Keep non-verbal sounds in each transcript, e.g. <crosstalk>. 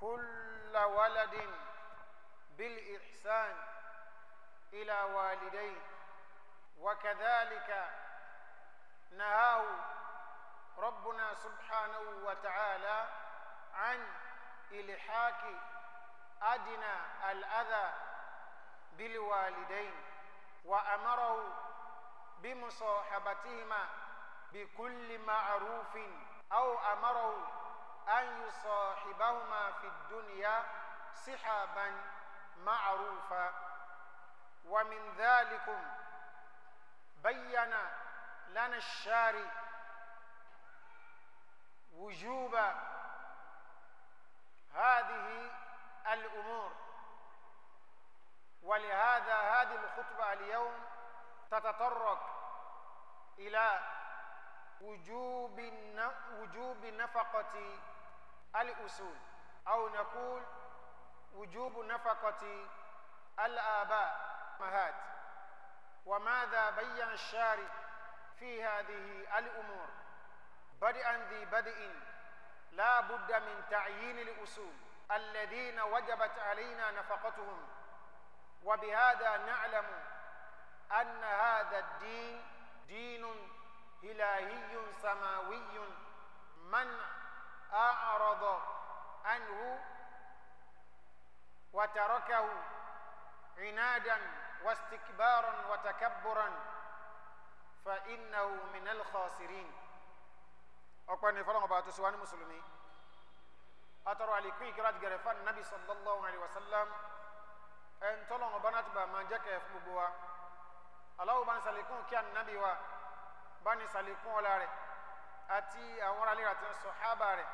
كل ولد بالإحسان إلى والديه وكذلك نهاه ربنا سبحانه وتعالى عن إلحاك أدنى الأذى بالوالدين وأمره بمصاحبتهما بكل معروف أو أمره أن يصاحبهما في الدنيا صحابا معروفا ومن ذلكم بين لنا الشاري وجوب هذه الأمور ولهذا هذه الخطبة اليوم تتطرق إلى وجوب وجوب نفقة الأصول أو نقول وجوب نفقة الآباء مهات وماذا بين الشارع في هذه الأمور بدءا ذي بدء لا بد من تعيين الأصول الذين وجبت علينا نفقتهم وبهذا نعلم أن هذا الدين دين إلهي سماوي من أعرض عنه وتركه عنادا واستكبارا وتكبرا فإنه من الخاسرين أقوى فرما باتو سواني مسلمين atọrọ alikun ikira tigẹrẹ fa nabi sallallahu alayhi wa sallam ẹn tọlọ ŋa bana tiba ma jẹ kẹ gbogbo wa alahu bani salikun kí a nabi wa bani salikun ọla rẹ̀ àti àwọn alẹ́ àti sọ̀hábà rẹ̀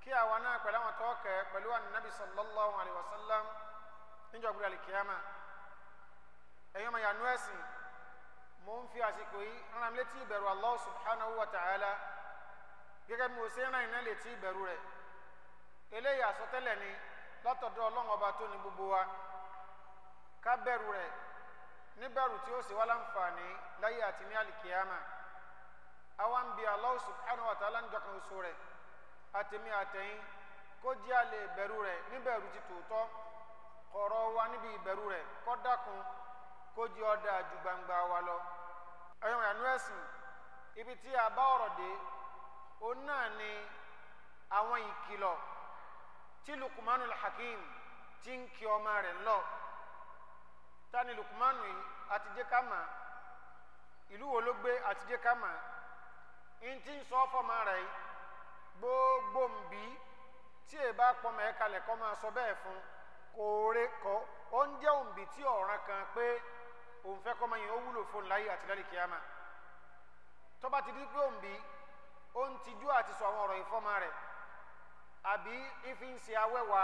kí àwa náà pẹ̀lú àwọn tọ́ọ̀kẹ́ pẹ̀lú ànábì sallallahu alayhi wa sallam níjọ́ gbúdọ̀ àlìkíyàmà ẹ̀yọ́ ma yànú ẹ̀sìn mo ń fi àsìkò yìí rán létí ìbẹ̀rù Allah subhanahu wa ta'ala gẹ́gẹ́ bí mo ṣe rán iná létí ìbẹ̀rù rẹ̀ eléyìí àsọtẹ́lẹ̀ ni látọ̀dọ̀ ọlọ́run ọba tó ní gbogbo wa ká bẹ̀rù rẹ̀ níbẹ̀rù tí ó sì wá láǹfààní láyé àti ní àlìkíyàmà àwọn bí Allah subhanahu wa ta'ala ń jọkàn oṣù rẹ̀ àtẹ̀mí àtẹ̀yìn kó jẹ́ àlè ìbẹ̀rù rẹ̀ níbẹ̀rù ti tòótọ́ kọ̀rọ̀ wa níbi ìbẹ̀rù rẹ̀ kọ́ dákun kó jẹ́ ọ̀dà ju gbangba wa lọ. ẹ̀yọ̀n ìyànú ẹ̀sìn ibi tí a bá ọ̀rọ̀ dé òun náà ni Lukumanu Hakim ti ń kí ọmọ rẹ̀ lọ tani Lukumanu yìí àtijẹ́ ká mà ìlú wo ló gbé àtijẹ́ ntí ń sọ fọmọ rẹ yìí gbogbo nbí tí èyí bá pọmọ ẹ kalẹ̀ kọ́ máa sọ bẹ́ẹ̀ fún kò rè kọ́ ó ń jẹ́ òǹbí tí ọ̀ràn kan pé òun fẹ́ kọ́mọ yìí ó wúlò fún láyé àti lálẹ́ kíámà tó ti di pé òǹbí ó ń tijú àti sọ àwọn ọ̀rọ̀ ìfọ́mọ rẹ̀ àbí ifi ń ṣe awẹ́wà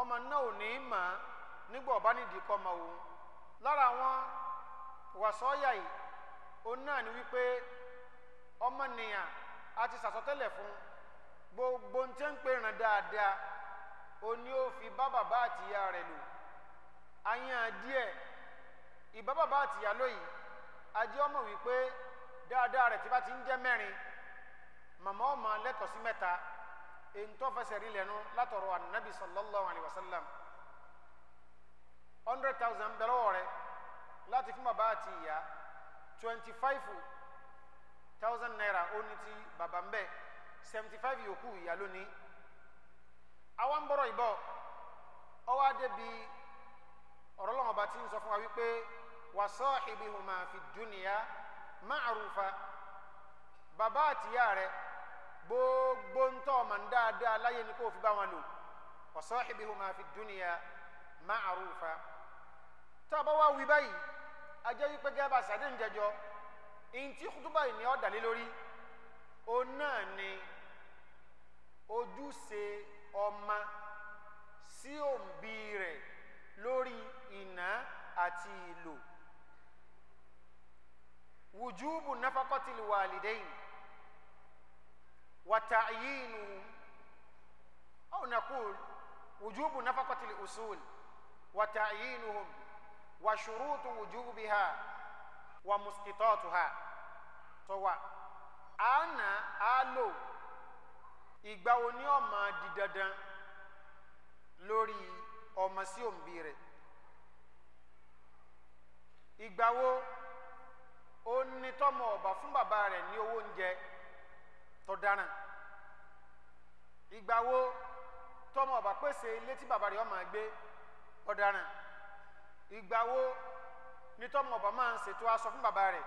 ọmọ náà ò ní í mà á nígbà ọ̀bá nídìí kọ́ ọmọ òun lára àwọn wàsọ́ọ̀yà yìí òun náà ni wípé ọmọnìyàn a ti sàsọtẹ́lẹ̀ fún gbogbo ń tẹ́ ń pè ràn dáadáa o ní ó fi bá bàbá àtìyá rẹ̀ lò àyàn díẹ̀ ìbá bàbá àtìyá lóyìí ajé ọmọ wípé dáadáa rẹ̀ tí bá ti ń jẹ́ mẹ́rin màmá ọmọ lẹ́tọ̀ọ́ sí mẹ́ta èyí tó fẹsẹ̀ rí lẹ́nu látọ̀rọ̀ sallallahu alayhi wa sallam hundred thousand bẹ̀rẹ̀ wọ̀ rẹ̀ láti fún bàbá àti ìyá twenty five thousand naira ó ní ti bàbá ń bẹ seventy five yòókù ìyá lónìí àwa ń bọ̀rọ̀ ìbọ̀ ọwọ́ adé bi ọ̀rọ̀ lọ́wọ́ bá ti ń sọ fún wa wípé wa sahibihuma fi dunya ma'rufa bàbá àtìyá rẹ gbogbo ń tọ́ ọmọ ni kò fi bá wọn lò wa sahibihuma fi dunya ma'rufa tá a bá wá wí báyìí ajẹ́ wípé gẹ́gẹ́ bá sàdé ń jẹjọ́ ntí kutuba yìí ni ọ dàlẹ́ lórí òun náà ni ojúṣe ọmọ sí òǹbí rẹ̀ lórí ìná àti ìlò wujubu nafakọtì wàlídẹ́yìn wàtàyínú aw naqul wujubu nafakọtì usul wàtàyínú wa shurutu wujubiha. wa muskitatuha tó wà á nà á lò ìgbà wo ni ọmọ di dandan lórí ọmọ si òǹbí rẹ̀ ìgbà wo ó ní tọmọ ọba fún baba re ní owó oúnjẹ tó dára ìgbà wo ọba pèsè ilé tí re ọ ma gbé ọ̀daràn ìgbà wo nítọ́ mọ̀ bá máa ń ṣètò aṣọ fún bàbá rẹ̀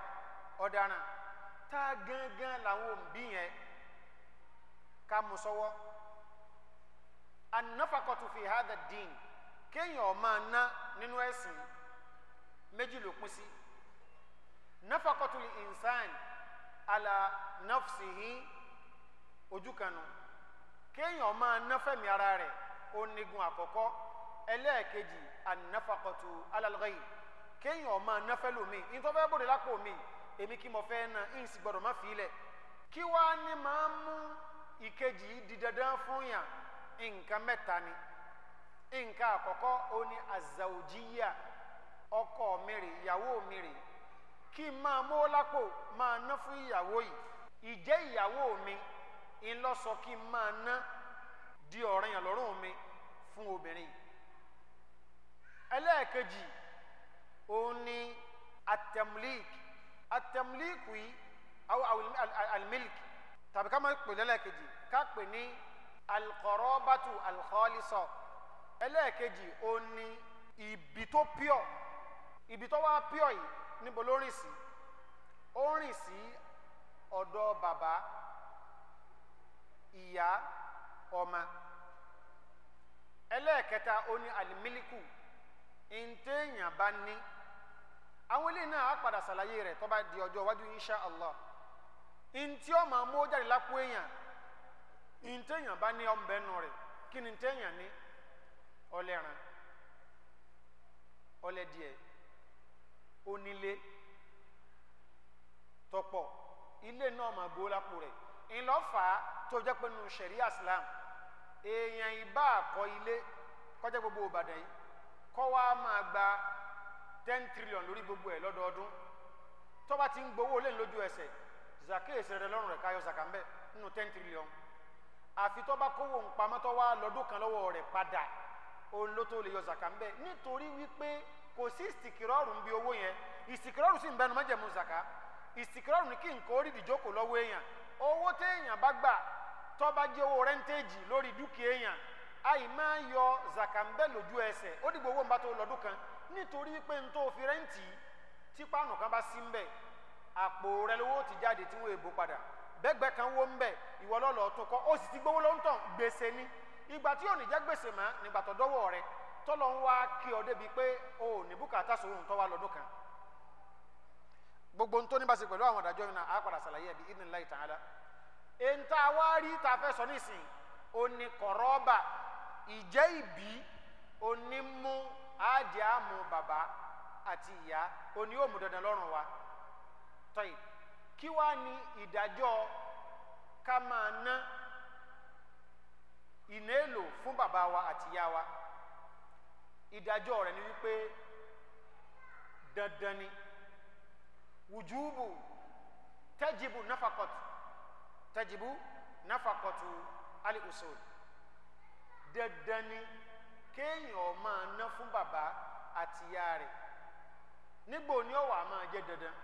ọ̀daràn tá a gángan làwọn òbí yẹn ká mú sọ́wọ́ anáfàkọ̀tù fi hádà dín kéèyàn máa ná nínú ẹ̀sìn méjì ló pín sí náfàkọ̀tù ìnsán àlà nafsihi ojú kanu kéèyàn máa ná fẹ̀mí ara rẹ̀ onígun àkọ́kọ́ ẹlẹ́ẹ̀kejì anáfàkọ̀tù alálẹ́yìn kéèyàn ọmọ anáfẹ́ lomi nítorí fẹ́ bòde lápò mi èmi kí mo fẹ́ na ń sì gbọ́dọ̀ má fi ilẹ̀ kí wàá ní máa mú ìkejì yìí di dandan fún yàn nǹkan mẹ́ta ni nǹkan àkọ́kọ́ ó ní azawjiya ọkọ mi rè ìyàwó mi rè kí n máa mú lápò máa ná fún ìyàwó yìí ìjẹ́ ìyàwó mi ń lọ sọ kí n ná di ọ̀ranyàn lọ́rùn mi fún obìnrin ẹlẹ́ẹ̀kejì òun ni atẹmulik atẹmulik yìí awo alimilik tàbí ká máa pè lẹ́lẹ́kejì ká pè ní alikọrọbatu alikọlisọ ẹlẹ́ẹ̀kejì òun ni ibi tó pure ibi tó wá pure yìí níbo ló rìn sí ó rìn sí ọ̀dọ̀ bàbá ìyá ọmọ ẹlẹ́ẹ̀kẹta òun ni alimiliku ntẹ̀yìn bá ní. àwọn eléyìí náà á padà ṣàlàyé di ọjọ́ iwájú insha allah ntí ọ máa jáde lápò èèyàn ntẹ̀yàn bá ní ọmọbẹ nù rẹ̀ kí ni ntẹ̀yàn ní ọlẹ́ran ọlẹ́dìẹ onílé tọpọ, ilé náà máa gbó lápò rẹ̀ ńlọ́fà tó jẹ́ pé sẹ̀ríà islam èèyàn ìbá àkọ́ ilé kọjá gbogbo ìbàdàn yìí kọ́ wa gba ten trillion lórí gbogbo ẹ̀ lọ́dọọdún tó bá ti ń gbowó lẹ́nu lójú ẹsẹ̀ zakiyesi rẹ lọ́rùn rẹ̀ káyọ̀ zakambẹ́ nínú ten trillion àfi tó bá kówó npamọ́ tó wá lọ́dún kan lọ́wọ́ rẹ̀ padà òun ló tó lè yọ zakambẹ́ nítorí wípé kò sí ìsìkìrọ́rù ń bi owó yẹn ìsìkìrọ́rù sì ń bẹnu mọ́jẹ̀mú zaka ìsìkìrọ́rù ní kí nǹkan orí ìdìjókòó lọ́wọ́ èèyàn owó téèyàn bá gbà tó bá jẹ́ owó rẹ́ńtéèjì lórí dúkìá èèyàn àì máa yọ zakambẹ́ lójú ẹsẹ̀ ó dìgbò owó ń bá tó lọ́dún kan nítorí pé n tó fi rẹ́ǹtì tí páànù kan bá sí ń bẹ̀ àpò rẹ lówó ti jáde tí wọ́n èbó padà bẹ́gbẹ́ kan wó ń bẹ̀ ìwọ lọ́lọ́ tó kọ́ ó sì ti gbowó lọ́ńtàn gbèsè ni ìgbà tí ò ní jẹ́ gbèsè mọ́ nígbà tó dọ́wọ́ rẹ tọ́lọ́ ń wá kí ọ débi pé o ò ní bùkátà sòrò tó wá lọ́dún kan gbogbo ń tó ní bá ṣe pẹ̀lú àwọn ìdájọ́ yìí náà á padà ṣàlàyé ẹ̀bí ìdí ńlá ta'ala èyí tá a wá rí tá fẹ́ sọ nísìnyí oníkọ̀rọ̀ọ́bà ìjẹ́ ìbí onímú á di àmú bàbá àti ìyá òní yóò mú dandan lọ́rùn wa tọ́yì kí wá ní ìdájọ́ ká máa ná ìnéèlò fún bàbá wa àti ìyá wa ìdájọ́ rẹ̀ ni wípé dandan ni wùjúbù tẹ́jìbù náfàkọ̀tù tẹ́jìbù náfàkọ̀tù alìkùsọ̀rọ̀ dandan ni kéèyàn ó máa ná fún bàbá àti ìyá rẹ̀ nígbò ní ọ̀wà máa jẹ́ dandan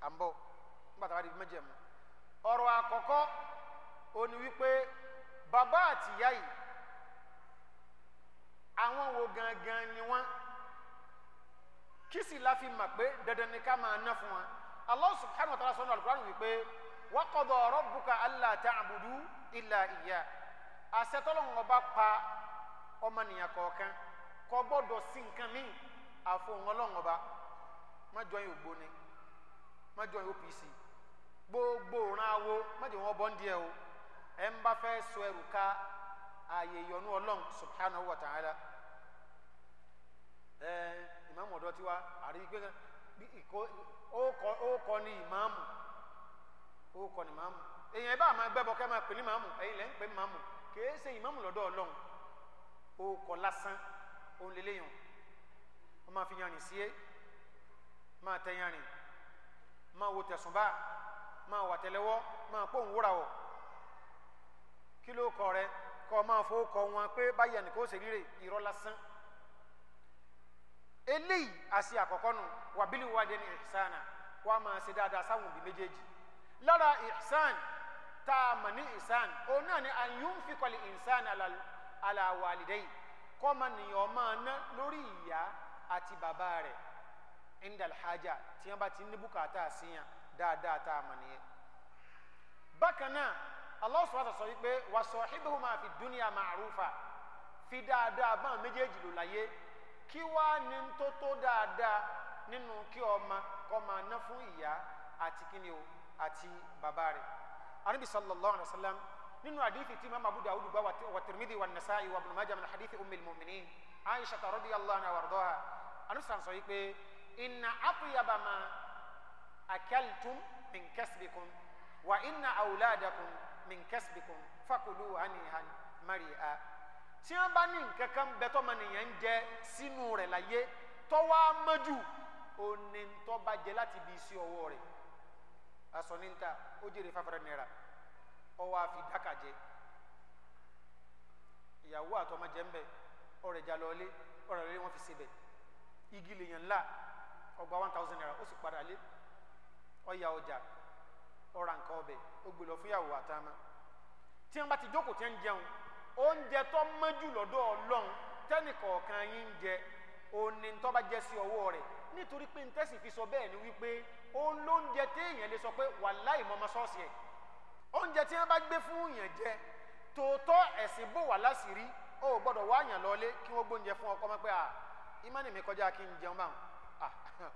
à ń bọ̀ nígbà tá a bá di mẹ́jẹ̀mú ọ̀rọ̀ àkọ́kọ́ ó ní wípé bàbá àti ìyá yìí àwọn wo gangan ni wọ́n kí sì la mà pé dandan ni ká máa ná fún wọn Allah subhanahu wa ta'ala sọ́nà alukuraani wípé wa qada rabbuka alla ta'budu illa iya àṣẹ tọ́lọ́wọ́n ọba pa ọmọnìyàn kọ̀ọ̀kan kò gbọ́dọ̀ sí nǹkan míì àfohùn ọlọ́ngọba má OPC gbogbo òran awo wọn bọ́ ń o ẹ̀ ń bá fẹ́ sọ ẹrù ká ààyè wa ta'ala ẹ ìmáàmù ọ̀dọ́ tiwa àrí gbé ní ìmáàmù ní ìmáàmù èèyàn ẹ bá kẹ́ máa pè ní ìmáàmù lẹ́ ń òkò lásán òun lè léyìn wọn máa fi yanrìn sí é máa tẹ yanrìn máa wo tẹ̀sùnbà máa wà tẹ̀lẹ́wọ́ máa pọ̀ ń wúra wọ̀ kí ló kọ rẹ kọ máa fowó kọ wọn pé báyìí ẹnìkan ó ṣe rírè irọ́ lásán eléyìí àṣì àkọ́kọ́ nù wàbílì wájẹ ní ìsánà wàá máa ṣe dáadáa sáwọn òbí méjèèjì lára ìsán tá a mọ̀ ní ìsán òun náà ni àyùnfikọ̀lì ìsán aláwàlídẹ́yì kọ́mọnìyàn máa ná lórí ìyá àti bàbá rẹ̀ indalhaja tí wọ́n bá ti ní bùkátà síyàn dáadáa tá a mọ̀ nìyẹn. bákan náà Allah subhanahu sọ wípé wa sahibhuma fi dunya ma'rufa fi dáadáa báwọn méjèèjì lò láyé kí wàá ní tó tó dáadáa nínú kí ọmọ kọ́ máa ná fún ìyá àti kíni o àti bàbá rẹ̀. anábì alayhi wa sallam nínú hadithi tí imam abu dawud gba wa tirmidhi wa nasa'i wa ibn majah min hadithi ummi almu'minin aisha ta radiyallahu anha wardaha anu san sọ pé inna atyaba ma akaltum min kasbikum wa inna awladakum min kasbikum fakulu hanihan mari'a tí wọ́n bá ní nǹkan kan bẹ tọ́mọ nìyẹn ń jẹ sínú rẹ̀ láyé tọ́wọ́ mọ́jú òní ń tọ́ bá jẹ láti bí sí ọwọ́ rẹ̀ aṣọ níta ó jèrè fáfárẹ́ náírà ọwọ àfi dákàjẹ́ ìyàwó àtọmọ jẹ́ ń bẹ̀ ọ̀rẹ́ ìjà lọ́ọ́lé wọn fi ṣe igi lèèyàn ńlá ọgbà one thousand naira ó sì padà lé ọjà ọ̀rà nǹkan ọbẹ̀ ó gbé lọ fún ìyàwó àtàmà tí wọn bá ti jókòó tí wọn jẹun oúnjẹ tó yín ń jẹ òní tó bá sí nítorí pé fi sọ ni wípé oúnjẹ tí wọ́n bá gbé fún yàn jẹ tòótọ́ ẹ̀sìn bò wá láṣìírí ó gbọ́dọ̀ wá yàn lọ́lé kí wọ́n gbóúnjẹ fún ọkọ mọ́ pé à ìmánì mi kọjá kí n jẹun báwọn <laughs>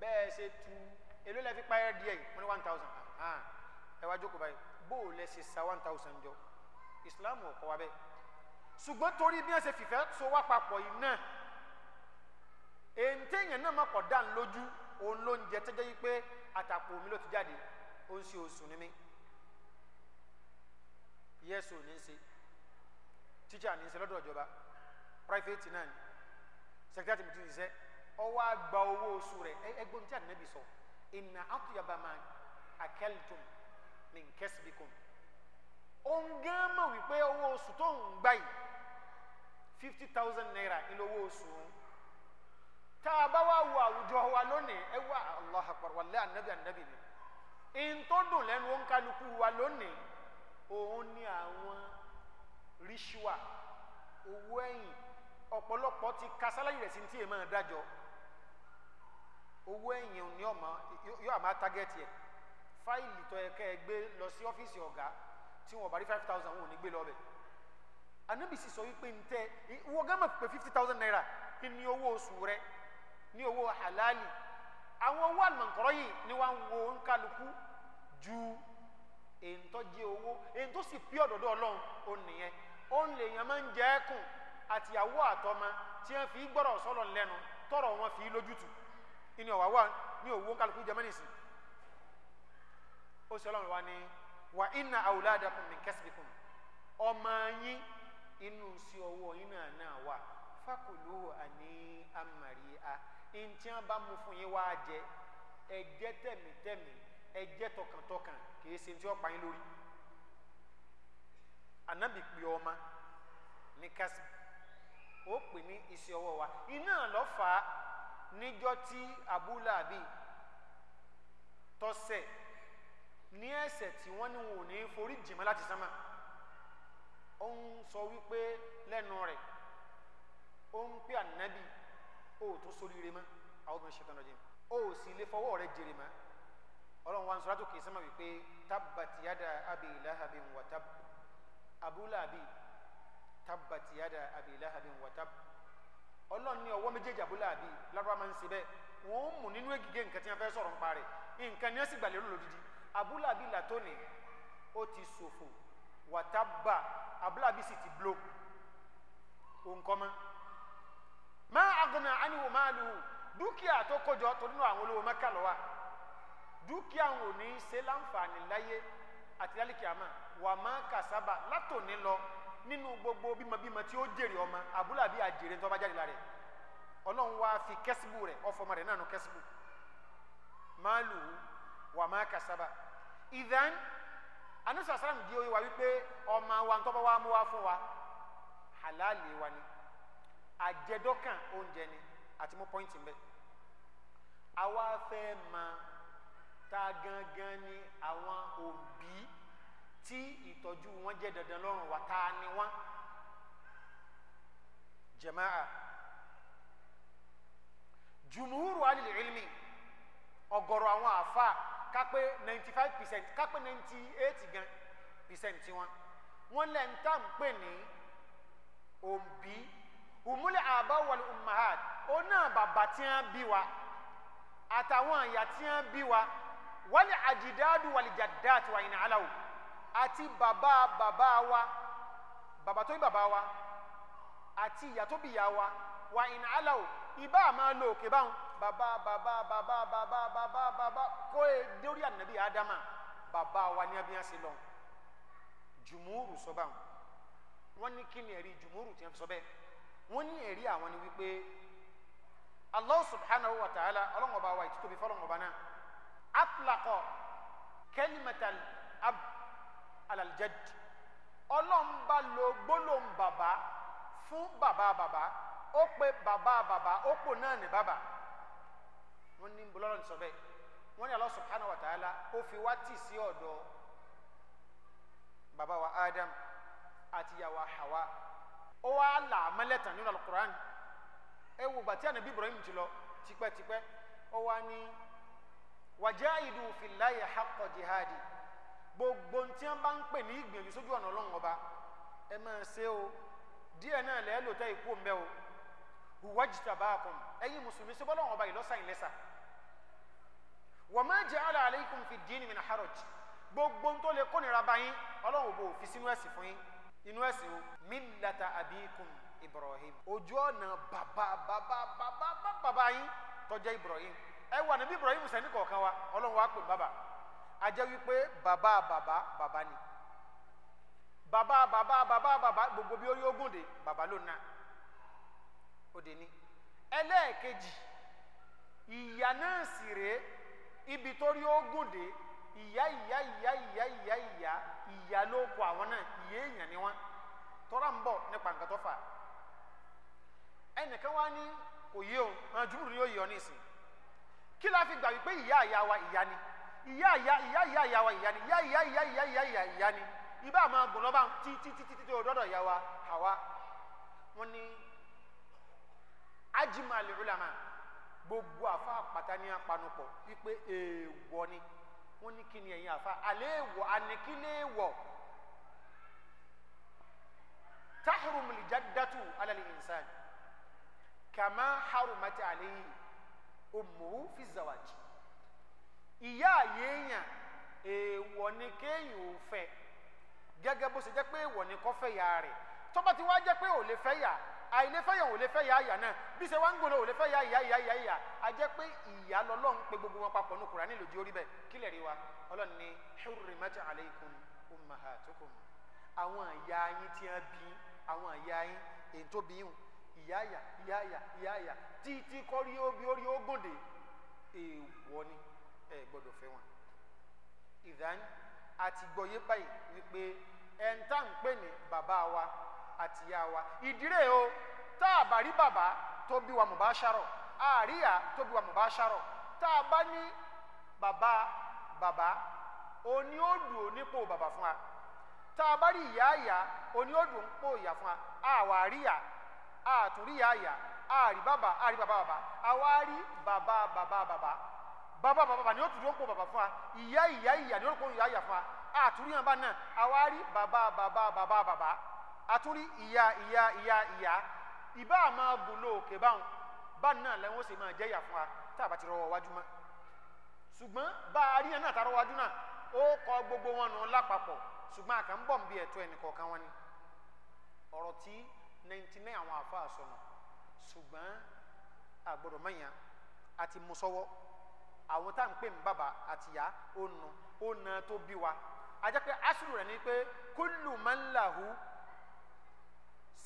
bẹ́ẹ̀ ṣe tu èló lẹ́ fi páyẹ́ díẹ̀ yìí mo ní one thousand ẹ wá jókòó báyìí bó o lẹ ṣe sa one thousand jọ ìsìláàmù ọ̀kọ́ wa bẹ́ẹ̀ ṣùgbọ́n torí bí wọ́n ṣe fìfẹ́ so wá papọ̀ yìí náà èntè yẹn náà má kọ̀ dá lójú òun ló ń jẹ tẹ́jẹ́ yìí pé àtàkùn mi ló ti jáde ó ń ṣe oṣù ní mi yẹ́sì ò ní ṣe tíṣà ní ṣe lọ́dọ̀ ìjọba private náà ni secretary mi ti ṣiṣẹ́ ọwọ́ àgbà owó oṣù rẹ̀ ẹgbọ́n tí ànábì sọ ìnà àtúyàbá máa akẹ́lìtùm ní kẹ́sìbìkùm òun gán mọ̀ wípé owó oṣù tó ń gbà yìí fifty thousand naira ní owó oṣù òun tá a bá wo àwùjọ wa lónìí ẹ wá allah akbar wàlẹ́ ànábì ànábì ni ìntòdùn lẹ́nu ó ń kálukú wa lónìí òun ni àwọn ríṣùà owó ẹ̀yìn ọ̀pọ̀lọpọ̀ ti ka sálárì rẹ̀ sí ti èèmọ̀ dájọ́ owó ẹ̀yìn ni ọmọ yóò àmà tágẹ́tì ẹ̀ fáìlì tó yẹ kẹ́ ẹ gbé lọ sí ọ́fíìsì ọ̀gá tí wọn bá rí five thousand wọn ò ní gbé lọ bẹ̀ Ànábì sì sọ wípé ntẹ wọ́n gán mọ̀ pé fifty thousand naira ní owó oṣù rẹ ní owó halali àwọn owó àlùmọ̀ǹkọ́rọ́ yìí ni wọ́n ń wo nkálukú ju èntọ́ jẹ́ owó èntọ́ sì pí ọ̀dọ̀dọ̀ ọlọ́run ó nìyẹn ó ń lè yàn máa ń jẹ́ ẹ̀kùn àtìyàwó àtọmọ tí wọ́n fi gbọ́dọ̀ sọ́lọ̀ lẹ́nu tọrọ wọn fi lójútù ìní ọ̀wá wà ní òwò kálukú jẹ́mánì sí ó sì ọlọ́run wa ní wà inna awladakum min kasbikum ọmọ yín inú sí ọwọ́ yín náà náà wà fákòló àní amàríà ìntí wọn bá mú fún yín wá jẹ ẹ̀jẹ̀ tẹ̀mítẹ̀mí ẹjẹ tọkàntọkàn kì í ṣe tí ó pa yín lórí anabi pe ọma ní kásì ó pè ní iṣẹ́ ọwọ́ wa iná lọ fà á níjọ́ tí abúláàbí tọsẹ ní ẹsẹ̀ tí wọ́n ni wọn ò ní forí jìmọ láti sánmà ó ń sọ wípé lẹ́nu rẹ̀ ó ń pè anabi ó tún sóríire mọ́ àwọn obìnrin ṣètò ọdún yìí ó sì lè fọwọ́ rẹ̀ jèrè mọ́ ọlọ́run wa ń sọ́ra tó kì í sẹ́mọ̀ wípé tabbat abi lahabin watab tab abu lahabi tabbat yada abi lahabin watab tab ni ní méjèèjì abu lahabi lábúrò máa ń ṣe bẹ́ẹ̀ wọ́n ń mú nínú ègìgé nǹkan tí wọ́n fẹ́ sọ̀rọ̀ ń parẹ́ nǹkan ní ẹ̀sìn gbàlérò lódìdí abu lahabi làtọ́ni ó ti ṣòfò wa tabba abu lahabi sì ti blow òǹkọ́mọ́ máa agùnà ánìwò máa lù dúkìá tó kójọ tó nínú àwọn olówó mẹ́kà lọ́wọ́ dúkìá wọn ò ní í ṣe láǹfààní láyé àti lálìkìámà wà má kàsábà látòní lọ nínú gbogbo bímọbímọ tí ó jèrè ọmọ àbúlà bíi àjèrè tó bá jáde lára rẹ̀ ọlọ́run wá fi kẹ́sìbù rẹ̀ ọfọmọ rẹ̀ náà nù kẹ́sìbù máàlù wà má kàsábà ìdán anusa salam di oye wa wípé ọmọ wa ntọ́ba wa mú wa fún wa halali wa ni àjẹdọ́kàn oúnjẹ ni àti mú pọ́ìntì mbẹ́ àwa fẹ́ máa ta gangan ni àwọn òbí tí ìtọ́jú wọn jẹ́ dandan lọ́rùn wa ta ni wọ́n jama'a jùmùúrù alìlì ilmi ọ̀gọ̀rọ̀ àwọn afa kápẹ́ ninety five percent kápẹ́ ninety eight gan percent wọn wọn lẹ́ ń tà ń pè ní òbí umule aba wal ummahad ó náà bàbá tí wọ́n bí wa àtàwọn àyà tí wọ́n bí wa wali ajidadu wali jaddat wa ina alaw àti bàbá bàbá wa bàbá tó bí bàbá wa àti ìyá tó bí ìyá wa wa ina alaw ibà máa lo òkè báwọn bàbá bàbá bàbá bàbá bàbá bàbá kó e dórí ànábì ádámà bàbá wa ní abíyá sí lọ jùmúrù sọ báwọn wọn ní kí ni ẹ̀rí jùmúrù tí wọn fi sọ bẹ́ẹ̀ wọn ní ẹ̀rí àwọn ni wípé Allah subhanahu wa ta'ala ọlọ́ngọba wa ìtútù bí fọlọ́ngọba náà atlakọ kẹlimẹtal ab alaljad ọlọ́nba lo gbólóhùn bàbá fún bàbá bàbá ó pe bàbá bàbá ó pò náà ní bàbá wọn ní bọlọ́rọ̀ ní sọ bẹ́ẹ̀ wọn ní Allah subhanahu wa ta'ala ó fi wá tì sí ọ̀dọ̀ bàbá wa Adam àti yàwá Hawa ó wá là á nínú alukur'an ẹ wò bàtí ànábì Ibrahim ti tipẹ́tipẹ́ ó wá ní wàjáìdù fìláyà hakọ jihadi gbogbo tí wọn bá ń pè ní ìgbìyànjú sójú ọ̀nà ọlọ́run ọba ẹ máa ṣe o díẹ̀ náà lẹ́ẹ̀ lò tẹ́ ikú mbẹ́ o huwaji tabakum ẹ̀yin mùsùlùmí sọ bọ́lọ́run ọba ìlọ́sàn ìlẹ́sà wa ma ja'ala alaykum fi dini min haraj gbogbo tó lè kó nira báyìí ọlọ́run ọba òfin sínú ẹ̀sìn fún yín inú ẹ̀sìn o millata abikum ibrahim ojú ọ̀nà bàbá bàbá bàbá bàbá yín tó ibrahim ẹ wà níbi Ibrahim sani kọ̀ọ̀kan wa ọlọ́run wa pè bàbá a jẹ́ wípé bàbá bàbá bàbá ni bàbá bàbá bàbá bàbá gbogbo bí orí ogún de bàbá ló na òde ni ẹlẹ́ẹ̀kejì ìyá náà sì rèé ibi tó rí ogun de ìyá ìyá ìyá ìyá ìyá ìyá ìyá ló kọ àwọn náà ìyá ni wọn o jùmùrù ni ọ ní kí la fi gbà wípé ìyá ìyá wa ìyá ni ìyá ìyá ìyá ìyá ìyá wa ìyá ni ìyá ìyá ìyá ìyá ìyá ìyá ìyá ni ibà máa gùn lọ́ba tí tí tí tí tí òdọ́dọ̀ ìyá wa Hawa wọn ni ajimali ulama gbogbo àfa àpàtà ní apanupọ̀ wípé èèwọ̀ ni wọn ní kí ni ẹ̀yin àfa àlẹ́ èèwọ̀ àníkílẹ̀ èèwọ̀ tahrumul jaddatu alal insan kama harumati alayhi ummuhu fi zawaj ìyá àyèèyàn èèwọ̀ ni kéèyàn ò fẹ́ gẹ́gẹ́ bó ṣe jẹ́ pé èèwọ̀ ni kọ́ fẹ́ ya rẹ̀ tó bá ti wá jẹ́ pé ò lè fẹ́ yà àìlè fẹ́ yà ò lè fẹ́ yà àyà náà bí ṣe wá ń gbòòrò ò lè fẹ́ yà ìyá ìyá ìyá ìyá a jẹ́ pé ìyá lọ́lọ́run pé gbogbo wọn papọ̀ ní Kùránì lòdì orí bẹ́ẹ̀ kí lè rí wa Ọlọ́run ní hurrimat alaykum ummahatukum àwọn ìyá yín tí wọ́n bí àwọn ìyá yín èyí tó bí yín ìyáàyà ìyáàyà ìyáàyà títí kọrí obi orí ogóde èèwọ̀ ni ẹ gbọ́dọ̀ fẹ́ wọn. ìdáni àti gbọ́yé báyìí wípé ẹ̀ńtà ń pè ní bàbá wa àti ìyá wa ìdírè o tá a bá rí bàbá tó bí wa mọ̀ bá ṣàrọ̀ àríyá tó bí wa mọ̀ bá ṣàrọ̀ tá a bá ní bàbá bàbá òní ó dùn ó bàbá fún wa tá a bá rí ìyá ìyá òní ó dùn ó nípò ìyá fún wa àwa àríyá àtúrí yáàyà àrí bàbá àrí bàbá bàbá àwa rí bàbá bàbá bàbá bàbá bàbá bàbá ni ó tún ló ń pò bàbá fún wa ìyá ìyá ìyá ni ó ń pò ìyá ìyá fún wa àtúrí yàn bá náà àwa rí bàbá bàbá bàbá bàbá àtúrí ìyá ìyá ìyá ìyá ìbá máa gùn lóòkè báwọn bá náà lẹ́wọ́n sì máa jẹ́ ìyà fún wa tá a bá ti rọwọ́ wájú mọ́ ṣùgbọ́n bá a rí yàn náà tá wájú náà ó kọ gbogbo wọn nù lápapọ̀ ṣùgbọ́n àkànbọ̀ ń bí ẹ̀tọ́ ẹnì kọ̀ọ̀kan wọn ni ọ̀rọ̀ tí ninety nine àwọn afa àsọnù ṣùgbọ́n àgbọ̀dọ̀ mẹ́yàn àti musọ́wọ́ àwọn tá à ń pè ní bàbá àti ìyá ó nu ó na tó bí wa ajá pé asùlù rẹ̀ ni pé kullu man lahu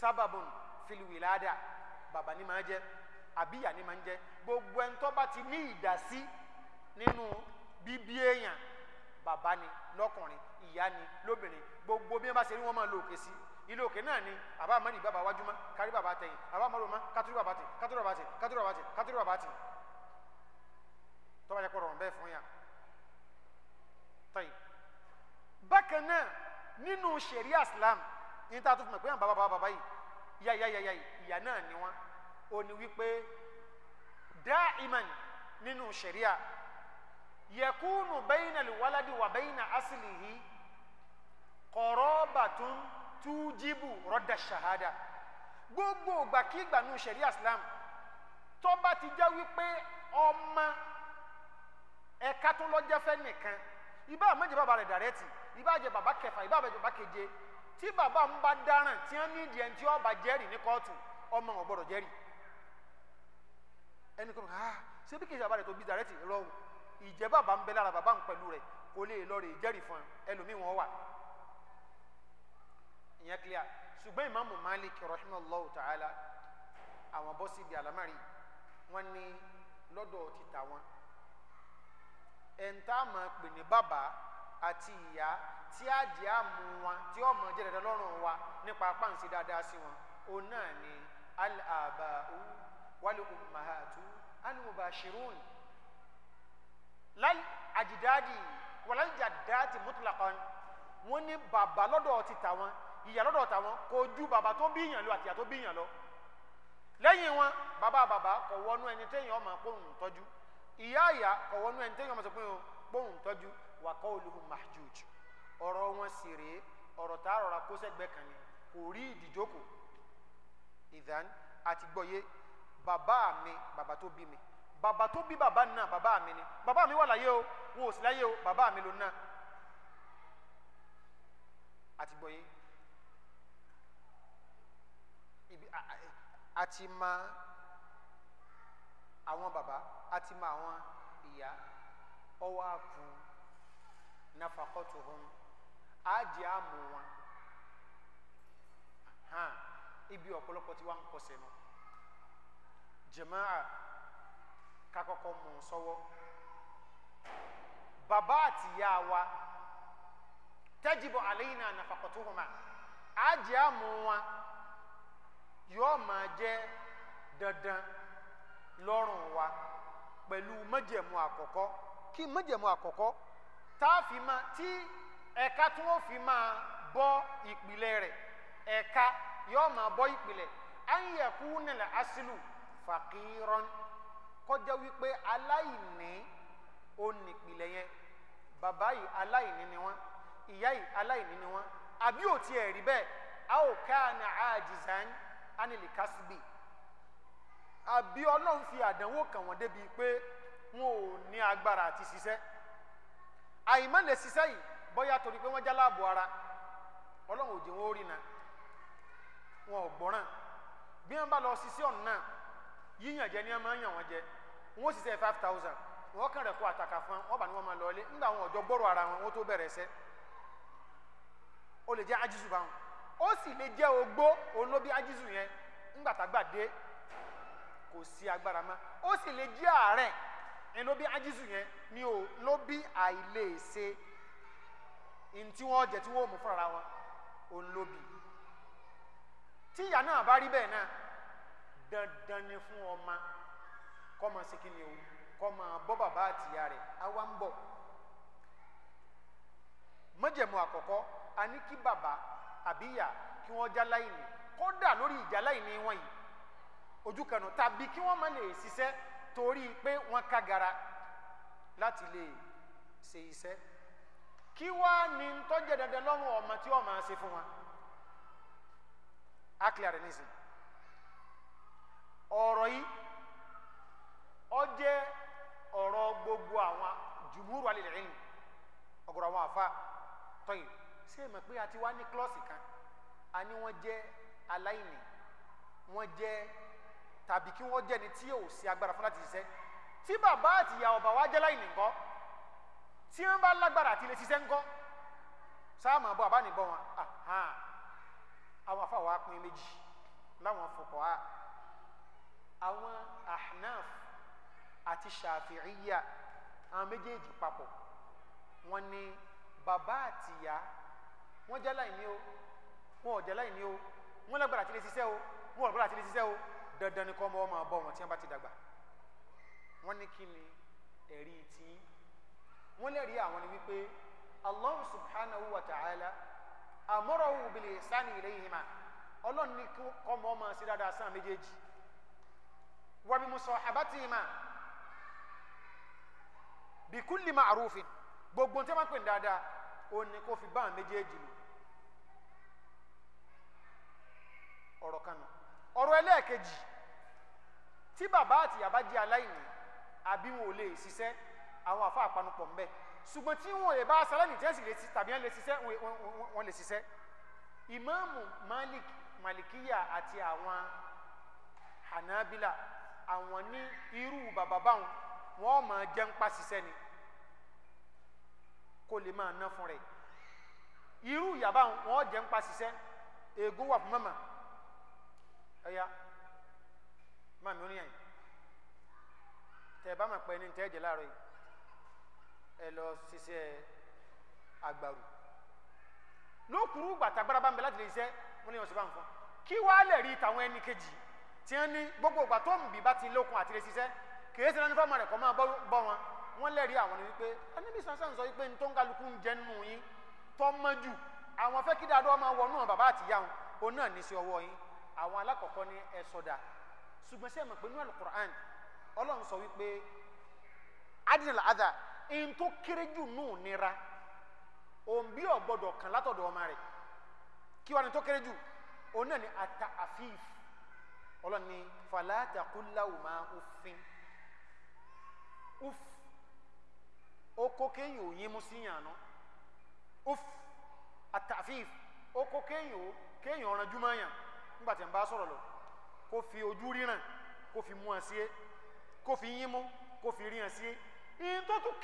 sábàbùn fil wilada bàbá ni máa jẹ́ àbíyà ni máa ń gbogbo ẹni tó bá ti ní ìdásí nínú bíbí èèyàn bàbá ni lọ́kùnrin ìyá ni lóbìnrin gbogbo bí wọ́n bá ṣe rí wọ́n máa lò òkè sí i ilé òkè náà ni àbá mọ́ni bàbá wájú mọ́ kárí bàbá tẹ̀yìn àbá mọ́rò mọ́ kátúrú bàbá tì kátúrú bàbá tì kátúrú bàbá tì kátúrú bàbá tì tọ́ba yẹ kó rọrùn bẹ́ẹ̀ fún yà tọ́yì. bákan náà nínú sẹ̀ríà Islam ní tá a tó fi mọ̀ pé àwọn bàbá bàbá bàbá yìí yáyáyáyá ìyá náà ni wọ́n ó ní wípé dáìmán nínú sẹ̀ríà yakunu bayna alwaladi wa bayna aslihi qarabatun tújíbù rọ́dà ṣahada gbogbo ìgbàkígbà nù sẹ̀ríà islam tó bá ti jẹ́ wípé ọmọ ẹ̀ka tó lọ́jẹ́ fẹ́ nìkan ìbá àmọ́jẹ́ bàbá rẹ̀ dàrẹ́tì ìbá jẹ́ bàbá kẹfà ìbá jẹ́ bàbá keje tí bàbá ń bá dáràn tí wọ́n ní ìdí ẹni tí ọba jẹ́rìí ní kóòtù ọmọ wọn gbọ́dọ̀ jẹ́rìí ẹnì kan ah ṣé bí kì í ṣe bàbá rẹ̀ tó bí dàrẹ́tì lọ́wọ́ ìjẹ́ bàbá ń bẹ lára bàbá ń pẹ̀lú rẹ̀ kò lè lọ rè jẹ́rìí fún ẹlòmíì wọn wà ìyẹn clear ṣùgbọ́n ìmáàmù Malik rahimahullah ta'ala àwọn bọ́ síbi àlámàrí wọ́n ní lọ́dọ̀ títà wọn ẹ̀ńtà máa pè ní bàbá àti ìyá tí á jẹ́ àmú wọn tí ó mọ̀ jẹ́ dandan lọ́rùn wa nípa pàǹsí dáadáa sí wọn òun náà ni al-aba'u wal-ummahatu al-mubashirun lal ajdadi wal jaddati mutlaqan wọ́n ní bàbá lọ́dọ̀ títà ìyàlọ́dọ̀ tàwọn kò ju bàbá tó bí yàn lọ àti ìyá tó bí yàn lọ lẹ́yìn wọn bàbá bàbá kò wọnú ẹni téèyàn ọmọ pòun tọ́jú ìyá ìyá kò wọnú ẹni téèyàn ọmọ sọ pé pòun tọ́jú wà kọ́ olùkù mahjuj ọ̀rọ̀ wọn sì rèé ọ̀rọ̀ tá a rọra kó sẹ́gbẹ́ kan ni kò rí ìdìjókò ìdán àti gbọ́yé bàbá mi bàbá tó bí mi bàbá tó bí bàbá náà bàbá mi ni bàbá mi wà láyé o wọn ò sí láyé o bàbá mi ló náà àti gbọ́yé ibi a ti ma àwọn baba a ti ma àwọn ìyá ọwọ́ àkú nafakọ́tò hàn á di àmú wọn hàn ibi ọ̀pọ̀lọpọ̀ tí wọ́n ń kọsẹ̀ nù jẹ̀máà kakọ́kọ́ mú sọ́wọ́ baba àti ìyá wa tẹ́jibọ̀ àlẹ́yìn náà nafakọ́tò hàn a di àmú wọn yóò máa jẹ́ dandan lọ́rùn wa pẹ̀lú májẹ̀mú àkọ́kọ́ kí májẹ̀mú àkọ́kọ́ tá a fi máa tí ẹ̀ka tí wọ́n fi máa bọ́ ìpìlẹ̀ rẹ̀ ẹ̀ka yóò máa bọ́ ìpìlẹ̀ ayẹ̀kú nílẹ̀ asílù fàkìrọ́n kọjá wípé aláìní onípìlẹ̀ yẹn bàbá yìí aláìní ni wọ́n ìyá yìí aláìní ni wọ́n àbí òtí ẹ̀rí bẹ́ẹ̀ a ò ká àná àjìzá anil kasibi àbí ọlọ́run fi àdánwò kàn wọ́n débi pé wọn ò ní agbára àti ṣiṣẹ́ àìmọ́ lè ṣiṣẹ́ yìí bóyá torí pé wọ́n jáláàbò ara ọlọ́run ò wọn na wọn ò bí wọ́n bá lọ five thousand kàn kó àtàkà fún wọn bá ní máa lọ ilé nígbà wọn ara wọn wọ́n tó bẹ̀rẹ̀ ṣẹ́ lè ajísù báwọn ó sì lè jẹ́ ogbó olóbi ajizu yẹn ńgbàtàgbà dé kò sí agbára mọ́ ó sì lè jẹ́ àárẹ̀ ẹnlóbi ajizu yẹn ni ò lóbi àìlèṣe ntí wọ́n jẹ tí wọ́n mú fúnra wọn olóbi tí ìyá náà bá rí bẹ́ẹ̀ náà dandan ni fún ọmọ kọ́ máa ṣe kí o kọ́ bọ́ bàbá àtìyá rẹ̀ àwa ń bọ̀ mọ́jẹ̀mú àkọ́kọ́ a ní kí bàbá àbíyà kí wọ́n já láìní kódà lórí ìjà láìní wọn yìí ojú kanu tàbí kí wọ́n má lè ṣiṣẹ́ torí pé wọ́n kagara láti lè ṣe iṣẹ́ kí wàá ní tọ́jà dandan lọ́rùn ọmọ tí wọ́n máa ṣe fún wa á clear rẹ̀ nísìnyí ọ̀rọ̀ yìí ó jẹ́ ọ̀rọ̀ gbogbo àwọn jùmúrù alẹ́ ìlú ọ̀gọ̀rọ̀ àwọn àfa tọ́yìn ṣé ẹ mọ̀ pé a ti wá ní klọ́ọ̀sì kan a ní wọ́n jẹ́ aláìní wọ́n jẹ́ tàbí kí wọ́n jẹ́ ni tí yóò ṣe agbára fún láti ṣiṣẹ́ tí bàbá àti ìyá ọba wa jẹ́ láìní ńkọ́ tí wọ́n bá lágbára àti lè ṣiṣẹ́ ńkọ́ sáàmù àbọ̀ àbá nìbọn wọn àwọn afa wa pín méjì láwọn fòkọ̀ a àwọn ahnaf àti ṣàfihìyà àwọn méjèèjì papọ̀ wọ́n ní bàbá àti ìyá wọ́n jẹ́ láìní o wọn ò jẹ́ láìní o wọ́n lágbára àti lè ṣiṣẹ́ o wọ́n lágbára àti lè ṣiṣẹ́ o dandan ni kọ́ ọmọ ọmọ àbọ̀ wọn tí wọ́n bá ti dàgbà wọ́n ní kí ni ẹ̀rí tí wọ́n lẹ́rìí àwọn ni wípé Allah subhanahu wa ta'ala amarahu bil ihsani ilayhima ọlọ́run ní kọ́ ọmọ ọmọ sí dáadáa sáà méjèèjì wa bi musahabatihima bi kulli gbogbo tí máa ń pè ní dáadáa ó ní kó fi bá méjèèjì lò ọ̀rọ̀ kanu ọ̀rọ̀ ẹlẹ́ẹ̀kejì tí bàbá àti ìyá bá jẹ́ aláìní àbí wọn ò lè ṣiṣẹ́ àwọn àfa àpanupọ̀ ń bẹ ṣùgbọ́n tí wọn lè bá aṣáláìní tẹ́sí lè tàbí wọn lè ṣiṣẹ́ wọn lè ṣiṣẹ́ ìmáàmù Malik Malikiya àti àwọn anabila àwọn ní irú bàbá báwọn wọn máa jẹ́ ń pa ṣiṣẹ́ ni kó lè máa ná fún rẹ̀ irú yaba wọn jẹ ń pa ṣiṣẹ́ egun wà fún mama ẹ̀yà máa mi ò níyàn tẹ bá máa pẹ́ ní tẹ́ ẹ̀jẹ̀ láàárọ̀ yìí ẹ lọ ṣiṣẹ́ agbárù lókùrú gbàtàgbára bá ń bẹ láti lè ṣiṣẹ́ wọn ní ọ̀sẹ̀ bá ń fọ́n kí wàá lè rí tàwọn ẹni kejì tí wọn ní gbogbo ìgbà tó ń bì bá ti lókun àti lè ṣiṣẹ́ kì í ṣe lọ́nà fọ́ọ̀mù rẹ̀ kọ́ máa bọ́ wọn wọ́n lẹ́rìí àwọn ni wípé ẹnibí sansan sọ wípé ntọ́ nkálukú ń jẹ́ nínú yín tọ́mọ́ jù àwọn fẹ́ kí dáadọ́ máa wọnú àwọn bàbá àtìyá wọn òun náà ní sí ọwọ́ yín àwọn alákọ̀ọ́kọ́ ní ẹ sọdá ṣùgbọ́n sẹ́yìn mọ̀ pé nínú alukur'an ọlọ́run sọ wípé adina laada ntọ́ kéré jù nù nira òǹbí ọ̀gbọ́dọ̀ kan látọ̀dọ̀ ọmọ rẹ̀ kí wàá ní tọ́ kéré jù òun náà ní ata àfíìf ọlọ́run ní falata kúláwùmá òfin òf Oko kenyo kéèyàn ò yín mú sí yàn nù uf àtàfíf ó kó kéèyàn ó kéèyàn ọ̀ràn júmọ́ yàn nígbà tí lọ kó fi ojú ríran kó fi mú hàn sí é kó fi yín mú fi ríran sí é ìyẹn tó tún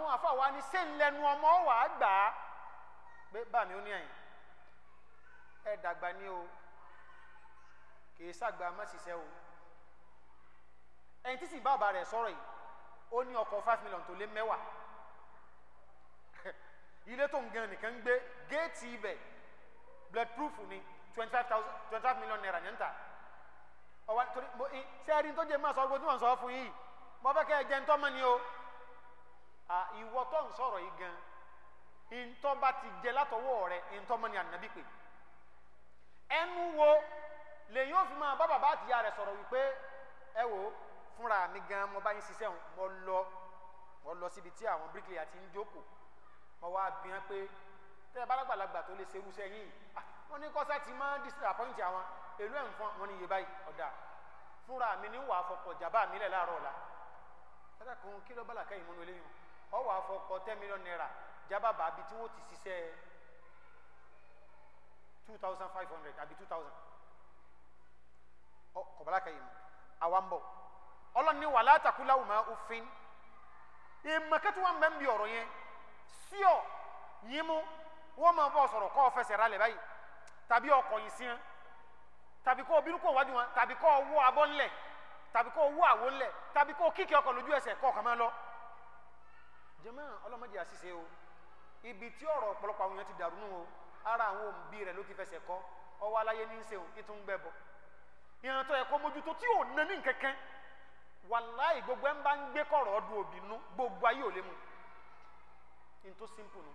àwọn wa e ni se ń lẹnu ọmọ wà á gbà mi ẹ dàgbà o kì í ṣàgbà má o ó ní ọkọ̀ five million tó lé mẹ́wàá <laughs> ilé tó ń gan nìkan gbé géètì ibẹ̀ bloodproof ni twenty five thousand twenty five million naira ní ń ta ọwọ́ torí mo ì sẹ́ẹ̀rì tó jẹ́ máa sọ gbogbo tí wọ́n sọ fún yìí mo fẹ́ kẹ́ ẹ jẹ́ ń tọ́mọ ni o ìwọ tó ń sọ̀rọ̀ yìí gan ntọ́ bá ti jẹ látọwọ́ rẹ ntọ́mọ ni ànábì pé ẹnu wo lèyìn ó fi máa bá bàbá àtìyá rẹ sọ̀rọ̀ wípé ẹ wò ó fúnra mi gan mo bá yín ṣiṣẹ́ mo lọ mo lọ síbi tí àwọn bíríkìlì àti ń jókòó mo wá bí wọn pé tẹ́ ẹ bá lágbàlagbà tó lè ṣe irúṣẹ́ yìí ah, wọ́n ní kọ́sá ti máa disappoint àwọn èlú ẹ̀ ń fọ́n wọn ní iye báyìí ọ̀dà fúnra mi ní wàá fọkọ̀ jàbá mi lẹ̀ láàárọ̀ ọ̀la tẹ́tà kan kí ló bá làkà ìmúnu eléyìí ọ wàá fọkọ̀ ten million naira jábà bàbí tí wọ́n ti ṣiṣẹ́ two thousand five hundred àbí two thousand ọ kọ̀bálàkà ìmú àwa ń bọ̀ ọlọ́ni wà látàkúláwù máa òfin ìmọ̀ kẹ́tù wọn bẹ́ẹ̀ ń bi ọ̀rọ̀ yẹn síọ̀ yín mú wọ́n máa bọ̀ sọ̀rọ̀ kọ́ fẹsẹ̀ rálẹ̀ báyìí tàbí ọkọ̀ yìí sí wọn tàbí kọ́ obìnrin kò wájú wọn tàbí kọ́ ọwọ́ abọ́ ńlẹ̀ tàbí kọ́ owó àwo ńlẹ̀ tàbí kọ́ kíkẹ́ ọkọ̀ lójú ẹsẹ̀ kọ́ ọ̀kan máa lọ. jẹ́mọ́ ọlọ́mọdé àṣìṣe o ibi tí ọ̀rọ̀ ọ̀pọ̀lọpọ̀ àwọn èèyàn ti dàrú nù o ara àwọn òbí rẹ̀ ló ti fẹsẹ̀ kọ́ ọwọ́ aláyé ní í ṣe òun ìtún bọ̀ ìrántọ́ ẹ̀kọ́ mójútó tí ò nání kankan wàláì gbogbo ẹ ń bá ń gbé kọ̀rọ̀ ọdún òbí nú gbogbo ayé ò lè mu in tó simple nu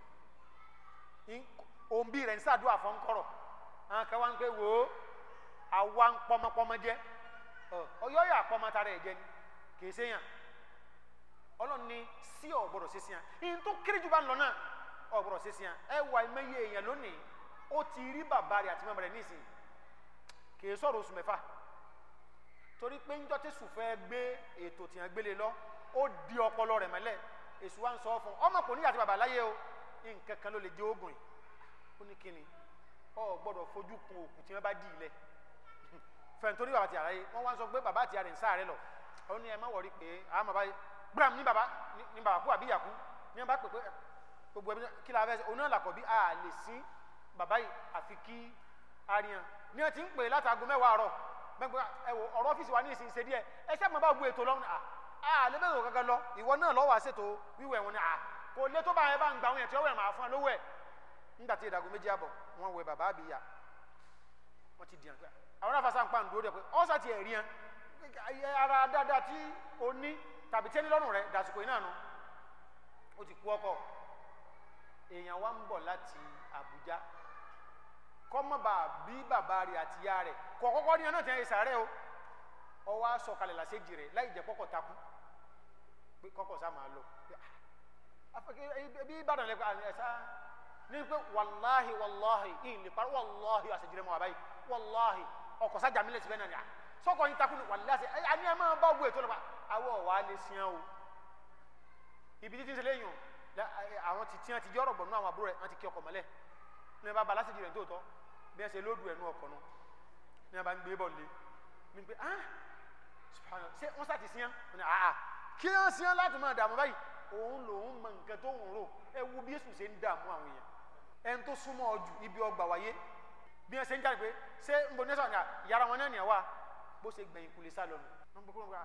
òǹbí rẹ̀ ń sàdúrà fọ́nkọ́rọ̀ àwọn kan wá ń wò ó àwa ń pọmọpọmọ jẹ yà jẹ ni kì í séyàn ọlọ́run ní sí ọ̀gbọ́dọ̀ ṣe síyàn ìyẹn tó kéré jù bá ń lọ náà ṣe ẹ wà ẹ̀mẹ́yẹ èèyàn lónìí ó ti rí bàbá torí pé njọ́ tí sùfẹ́ gbé ètò tìyàn gbélé lọ ó di ọpọlọ rẹ̀ mọ́lẹ̀ èṣù wa ń sọ fún ọmọ kò ní àti bàbá láyé o nǹkan kan ló lè jẹ́ oògùn yìí ó ní kíni ọ gbọ́dọ̀ fojú kun òkú tí wọ́n bá dì í lẹ̀ <laughs> fẹ̀ntorí bàbá ti àrà yìí wọ́n wá ń sọ pé bàbá ti àrè ń sáré lọ ó ní ẹ má wọrí pé àmọ́ báyìí gbram ní bàbá ní bàbá kú àbí yàkú ní wọ́n bá pè pé gbogbo ẹbí kí la fẹ́ ṣe òun náà làkọ̀ bí a lè sí bàbá yìí àfi kí ariyan ní wọ́n ti ń pè látàgọ́ mẹ́wàá àárọ̀ gbẹngbẹ ẹwọ ọ̀rọ̀ ọfíìsì wa ní ìsìn ṣe díẹ̀ ẹsẹ mọ bá gbé ètò lọrùn à lẹbẹ ìwọ kankan lọ ìwọ náà lọ wàá ṣètò wíwẹ̀ wọn ni à kò lé tó bá yẹn bá ń gbà wọn yẹn tí wọn wẹ màá fún ẹ lówó ẹ nígbà tí ìdàgọ méjì àbọ̀ wọn wẹ bàbá àbí ya wọn ti dìran àwọn afasa ń pa ń dúró pé ọsà ti ẹrí yẹn ara dáadáa tí o ní tàbí tẹ́ni lọ́rùn rẹ dàsìkò iná nu ó ti kú ọkọ èèyàn wa ń bọ̀ láti Àbújá kọ́mọ̀bà bí bàbá rẹ̀ àti ìyá rẹ̀ kọ̀ọ̀kọ́kọ́ ní ọ̀nà tí wọ́n ṣe sàárẹ̀ o ọwọ́ asọ̀kalẹ̀ làṣẹ́jì rẹ̀ láì jẹ́ kọ́kọ́ takú pé kọ́kọ́ sá máa lọ ah, bí ìbàdàn lẹ́kọ̀ọ́ àti ah, ẹ̀sá ní pé wàláhì wàláhì ìyìn lè parí wàláhì àṣẹjì rẹ̀ mọ́ àbáyé wàláhì ọkọ̀ sájà mílẹ̀ ti bẹ́ẹ̀ náà sọ́kọ̀ yín takú ni wàláhì àní ẹ̀ máa bá ògbó ètò lọ́pàá awọ́ wa lè sìn án o ibi títí ń ṣẹlẹ̀ yìí o àwọn ti tiẹ́ ti jẹ́ ọ̀rọ̀ gbọ̀nú àwọn àbúrò rẹ̀ wọ́n ti kí ọkọ̀ mọ́lẹ̀ ní ẹ bá balásìjì rẹ̀ tó tọ́ bí ẹ ṣe lóòdù ẹnu ọkọ̀ nu ní abá ń gbé bọ̀ lé mi pé ah subhanallah ṣé wọ́n sàti siyan wọ́n ah kí wọ́n siyan láti máa dààmú báyìí òun lòun mọ nǹkan tó ń rò ẹ wo bí Jésù ṣe ń dààmú àwọn èèyàn ẹni tó súnmọ́ ọ jù ibi ọgbà wáyé bí wọ́n ṣe ń jáde pé ṣé n bò ní sọ̀rọ̀ yàrá wọn náà nìyàwó bó ṣe gbẹ̀yìn kulè sá lọ́nu wọ́n gbọ́ kúrò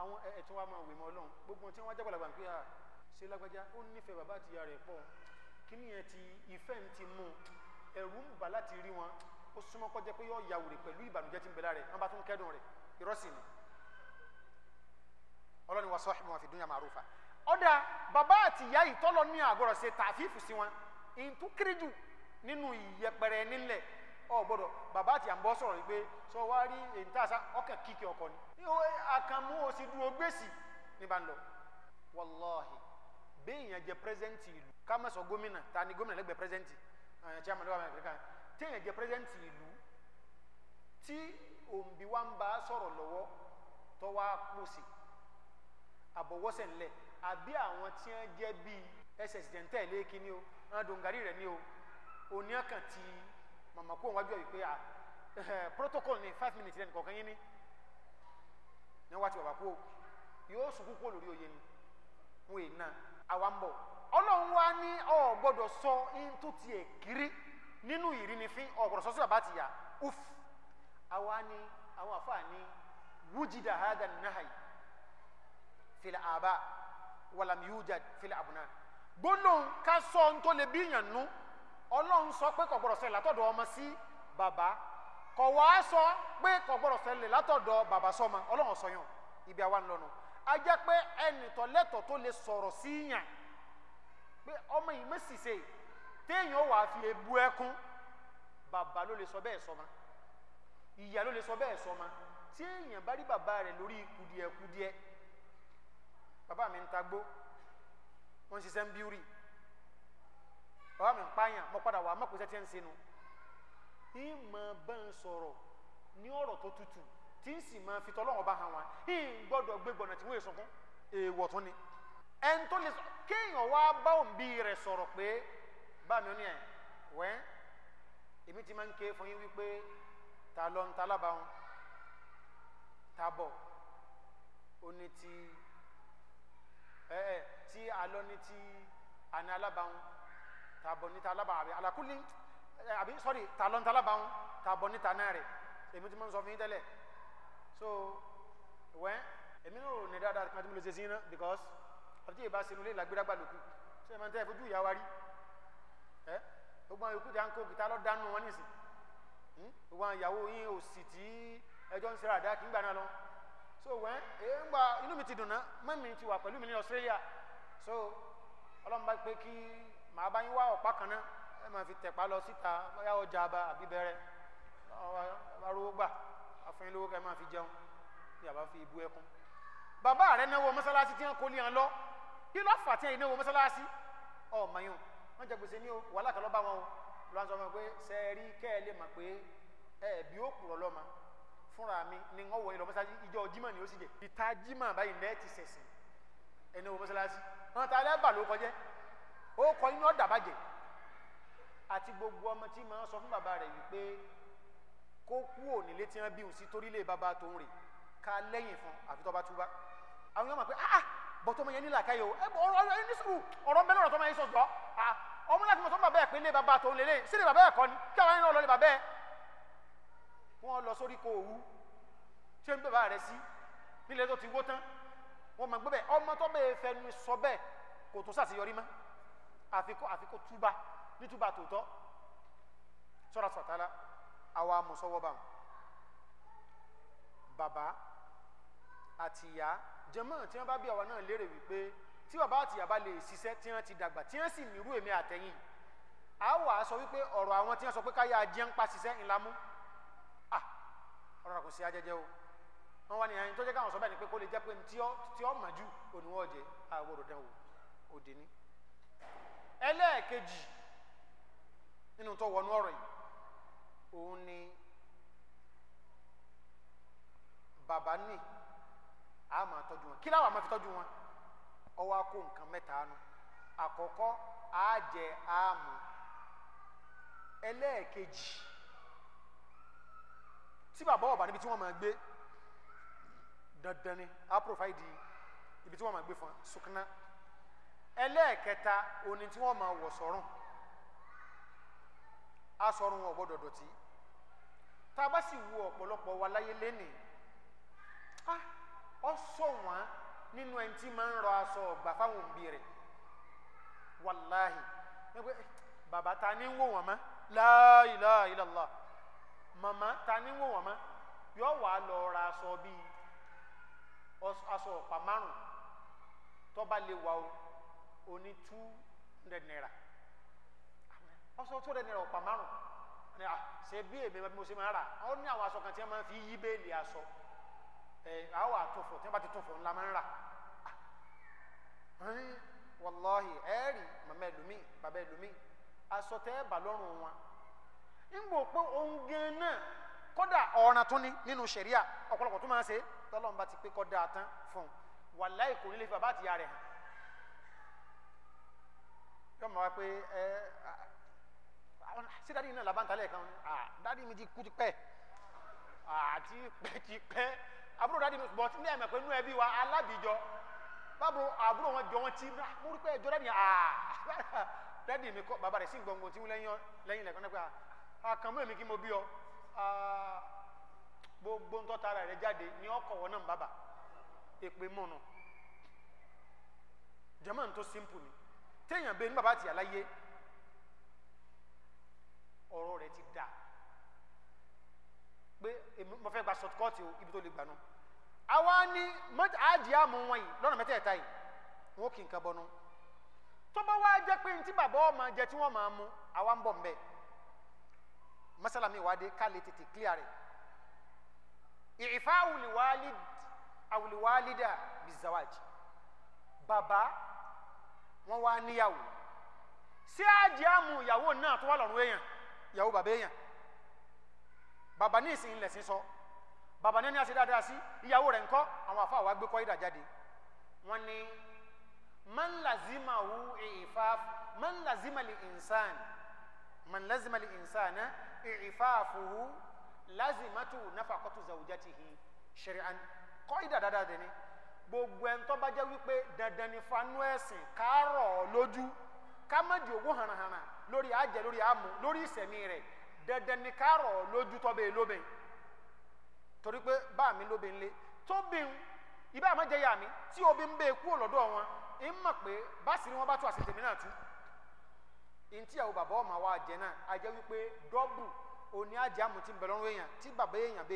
àwọn ẹ̀tún wa máa wè mọ́ ọlọ́run gbogbo tí wọ́n jágbàlagbà ń pè á ṣe lágbájá ó nífẹ̀ẹ́ bàbá àtìyá rẹ̀ pọ̀ kí nìyẹn ti ìfẹ́ ń ti mú un ẹ̀rù ń bà láti rí wọn ó súnmọ́ kó jẹ́ pé yọ ya wèrè pẹ̀lú ìbànújẹ́ tí ń bẹ̀rẹ̀ rẹ̀ wọ́n bá tún kẹ́dùn rẹ̀ ìrọ́sì ni ọlọ́ni wa sọ́ọ́hìn wọn fi dúnyà màrúfà ọ̀dà bàbá àti ìyá ìtọ́lọ ní àgọ́rọ̀ ṣe tààfíìfù sí wọn ìtú kéré jù nínú ìyẹpẹrẹ nílẹ̀ ọ gbọ́dọ̀ bàbá àti àǹbọ̀ sọ̀rọ̀ yìí pé sọ wá rí èyí tá a sá ọkàn kíkẹ́ ọkọ ni àkànmú òsì dúró gbèsì ní bá ń lọ wàláhì béèyàn jẹ ìlú ká gómìnà ta ni gómìnà lẹ́gbẹ̀ẹ́ pírẹsẹ̀ntì àyàn ah, chairman lọ́wọ́ àmì kan téèyàn jẹ́ president ìlú tí òǹbí wa ń bá sọ̀rọ̀ lọ́wọ́ tó wá pòsè àbọ̀wọ́sẹ̀ ńlẹ̀ àbí àwọn tí wọ́n jẹ́ ss dẹ̀ntẹ́ lẹ́ẹ̀kì ni o àwọn dòǹgàrí rẹ̀ ni o oníyànkàn ti màmá kó wájú ọ̀yọ́ pé à ah, eh, protocol ni five minutes lẹ́nu kọ̀ọ̀kan yín ni ní wàá ti bàbá kó yóò sùn lórí oyè ni wọn è na àwa ń bọ̀. ọlọ́run wa ní ọ gbọ́dọ̀ sọ ẹni tó tiẹ̀ kiri nínú ìrìnnìfín ọ gbọ́dọ̀ sọ sí bàbá àtìyà uf àwa ni àwọn àfa ni wújìdà hàdà nàhàì fìlà àbá wàlàmì yújà fìlà àbùnà gbólóhùn ká sọ ohun tó lè bíyàn nú ọlọ́run sọ pé kò gbọ́dọ̀ ṣẹlẹ̀ látọ̀dọ̀ ọmọ sí bàbá kò wá sọ pé kò gbọ́dọ̀ ṣẹlẹ̀ látọ̀dọ̀ bàbá sọ́mọ ọlọ́run sọ yàn ibi awa ń lọ́nu a jẹ́ pé ẹnìtọ́lẹ́tọ̀ tó lè sọ̀rọ̀ sí yàn pé ọmọ yìí mẹ́sìsẹ́ téèyàn wà fi ebu ẹkún bàbá ló lè sọ bẹ́ẹ̀ sọma ìyá ló lè sọ bẹ́ẹ̀ sọma tí èèyàn bá rí bàbá rẹ̀ lórí kùdìẹ̀kùdìẹ̀ bàbá mi ń tagbó wọ́n ń ṣiṣẹ́ ń bíúrì bàbá mi ń pààyàn mo padà wà mọ́kùnrin sẹ́tí ẹ̀ ń sinu ìmọ̀ bá ń sọ̀rọ̀ ní ọ̀rọ̀ tó tutù tí ń sì máa fi tọ́lọ́wọ́n bá hàn wá ìgbọ́dọ̀ gbégbọ̀nà tí wọ́n èso fún èèwọ̀ tún ni ẹni tó lè sọ kéèyàn wá bá òǹbí rẹ̀ sọ̀rọ̀ pé bá mi ní ẹ̀ wẹ́n èmi ti máa ń ké fún yín wípé ta lọ ń ta lábàáhùn ta bọ̀ ó ní ti ẹ ẹ tí a ní ti àní alábàáhùn ta bọ̀ níta alábàáhùn àbí alákùlí àbí sọ́rí ta lọ ń ta alábàáhùn ta bọ̀ níta náà rẹ̀ èmi ti máa ń sọ fún yín tẹ́lẹ̀ so wẹ́n èmi náà ò ní dáadáa kí n máa ti mú lọ sí sí iná because àbúté ìbá sinú lé làgbéragbà lòkù ṣé ìmọ̀ níta ìfojú ìyá wa rí ẹ gbogbo àwọn yòókù tí a ń kó kìtá lọ dánú wọn nìsín hm? gbogbo àwọn ìyàwó yín ò sì tí ẹjọ́ ń sẹ́ra àdá kì í gbà náà lọ so wẹ́n èyí ń gba inú mi ti dùn náà mẹ́mi ti wà pẹ̀lú mi ní Australia so ọlọ́run bá pé kí màá bá yín wá ọ̀pá kan náà ẹ máa fi tẹ̀pá lọ síta bóyá ọjà àbá àbí bẹ̀rẹ̀ arówó gbà àfẹ́yìn lówó ká ẹ máa fi jẹun ní àbá fi ibú ẹkún bàbá rẹ náwó kí ló fà tí ẹ̀ iná wo mọ́sálásí ọ̀ mayún wọ́n jẹ gbèsè ní o wàhálà kan bá wọn o lọ́wọ́n sọ fún mi pé sẹ́ẹ̀rí kẹ́ ẹ lè mọ̀ pé ẹ bí ó kúrọ̀ lọ́mọ fúnra mi ni wọ́n wọ ilọ̀ mọ́sálásí ìjọ jimá ni ó sì jẹ ìta jimá báyìí lẹ́ẹ̀ ti sẹ̀sìn ẹni wo mọ́sálásí wọn ta alẹ́ bà ló kọjẹ́ ó kọ inú ọ̀dà bàjẹ́ àti gbogbo ọmọ tí màá sọ fún bàbá rẹ̀ wípé kó kú òní létí wọn bí òun sí torílé bàbá tó ń rè ká lẹ́yìn fún àfi bá túbá àwọn yóò mọ̀ pé ah bọ́tọ́ mọ̀ yẹn nílà káyọ̀ ọ̀rọ̀ ẹ̀ ní sùúrù ọ̀rọ̀ mẹ́lẹ̀ ọ̀rọ̀ tó máa yẹ sọ̀tọ̀ ọmọ láti mọ̀ tó máa bẹ́ẹ̀ pé ilé bàbá tó ń lélẹ̀ sí ilé bàbá ẹ̀ kọ́ ni kí àwọn ènìyàn lọ lé bàbá ẹ̀ wọ́n lọ sórí kó òwú tí ó ń bàbá rẹ̀ sí nílé tó ti wó tán wọ́n mọ̀ gbẹ́bẹ̀ ọmọ tó bẹ́ẹ̀ fẹ́ ni sọ bẹ́ẹ̀ kò tó sàṣeyọrí mọ́ àfikún àfikún túbà ní túbà tòótọ́ sọ́ra sọ̀tàlá àwa mọ̀sọ́wọ́ bá wọn bàbá àtìyá jẹmọ tí wọn bá bí àwa náà lérè wípé tí bàbá àti ìyá bá lè ṣiṣẹ́ tí wọn ti dàgbà tí wọn sì nírú èmi àtẹ̀yìn a wà sọ wípé ọ̀rọ̀ àwọn tí wọn sọ pé káyà jẹ ń pa ṣiṣẹ́ ńlá mú à ọ̀rọ̀ kò sí ajẹjẹ o wọn wá ní ẹyin tó jẹ káwọn sọ bẹ́ẹ̀ ni pé kó lè jẹ pé tí ọ tí ọ mà jù òníwọ jẹ àwòrò dánwò òde ní. ẹlẹ́ẹ̀kejì nínú tó wọnú ọ̀rọ̀ yìí òun ni bàbá ní a máa tọ́jú wọn kí láwọn a máa fi tọ́jú wọn ọwọ́ akó nǹkan mẹ́ta nu àkọ́kọ́ àjẹ àmú ẹlẹ́ẹ̀kejì tí bàbá ọ̀bà níbi tí wọ́n máa gbé dandan ni a pòròfáìdì ibi tí wọ́n máa gbé fún sukuna ẹlẹ́ẹ̀kẹta òní tí wọ́n máa wọ̀ sọ́rùn asọ̀rùn wọn ò gbọ́dọ̀ dọ̀tí tá a bá sì wo ọ̀pọ̀lọpọ̀ wa láyé ọsọ wọn nínú ẹni tí máa ń rọ aṣọ ọgbà fáwọn òbí rẹ wàláhì ẹgbẹ eh, bàbá ta ni ń wò wọn mọ la ilaha illallah màmá ta ni ń wò wọn mọ yóò wà á lọ ra aṣọ bíi aṣọ ọ̀pá márùn tọ́ba lè wà o oní two hundred naira aṣọ two hundred naira ọ̀pá márùn ah, ṣe bí èmi mo ṣe máa rà ó ní àwọn aṣọ kan tí wọ́n máa fi yí bẹ́ẹ̀lì aṣọ ẹ àwọn àtòfò tí wọn bá ti tòfò ńlá máa ń rà ah, wàláhì ẹẹrì màmá ẹlòmíì bàbá ẹlòmíì aṣọ tẹ ẹ bà lọ́rùn wọn nígbà pé òun gan náà kódà ọ̀ràn tún ní nínú ṣẹ̀ríà ọ̀pọ̀lọpọ̀ tó máa ṣe tọ́lọ́run bá ti pé kọ́ dáa tán fún un wàláhì kò ní lè fi bàbá àti ìyá rẹ̀ hàn yọ mọ̀ wá pé ẹ ṣé dádì náà làbáǹtálẹ̀ kan dádì mi ti kú ti pẹ́ àti pẹ́ ti pẹ́ àbúrò dáàdi mi bọ̀t ní ẹ̀mẹ̀ pẹ̀lú ẹbí wa alábìjọ bábùrò àbúrò wọn jọ wọn ti rà mo rí pé ẹjọ́ dáàdi àà <laughs> dáàdi mi kọ́ bàbá rẹ̀ sí gbọ̀ngbọ̀n tí wọ́n lẹ́yìn lẹ́kọ́ nípa àkànmọ́ èmi kí mo bí ọ gbogbo ń tọ́ta ara rẹ̀ jáde ní ọkọ̀ wọn náà bàbà èpè mọ́nu jẹ́mọ̀ tó simple ni téèyàn bẹ́ẹ̀ ní bàbá àti àlàyé ọ̀rọ̀ rẹ̀ ti dáa pé mo fẹ́ gba shortcut o ibi tó lè gbà nù àwa ni àjì àmú wọn yìí lọ́nà mẹ́tẹ̀ẹ̀ta yìí wọn ò kì í nǹkan bọnu tó bá wá jẹ́ pé ntí bàbá ọmọ jẹ tí wọ́n máa mú àwa ń bọ̀ mbẹ́ masalami ìwádìí ká tètè clear rẹ̀ ìfá àwùlíwálídà bizawaj bàbá wọn wá níyàwó sí àjì àmú ìyàwó náà tó wà lọ́rùn èèyàn ìyàwó bàbá èèyàn bàbá ní ìsìn ilẹ̀ sísọ bàbá ní ẹni àṣẹ dáadáa sí ìyàwó rẹ̀ ńkọ́ àwọn àfa àwa gbé kọ́ ìdà jáde wọ́n ní man lazima hu ìfaf man lazima li insan man lazima li insana ìfafuhu lazimatu nafakọtu zawujatihi shari'an kọ́ ìdà dáadáa dẹni gbogbo ẹni bá jẹ́ wípé dandan ni fanú ẹ̀sìn kárọ̀ lójú ká má di owó hanahana lórí àjẹ lórí àmú lórí ìsẹ̀mí rẹ̀ dandan ni kaarọ lójú tọbẹ lóbìn torí pé bá mi lóbìn lé tóbìn ibà àmọjẹ yà mí tí obi ń bẹ kúrò lọ́dọ̀ wọn ń mọ̀ pé báàsì ni wọn bá tún àṣetèmí náà tú ntí àwọn bàbá ọmọ wa jẹ náà a jẹ wípé àjẹ tí bàbá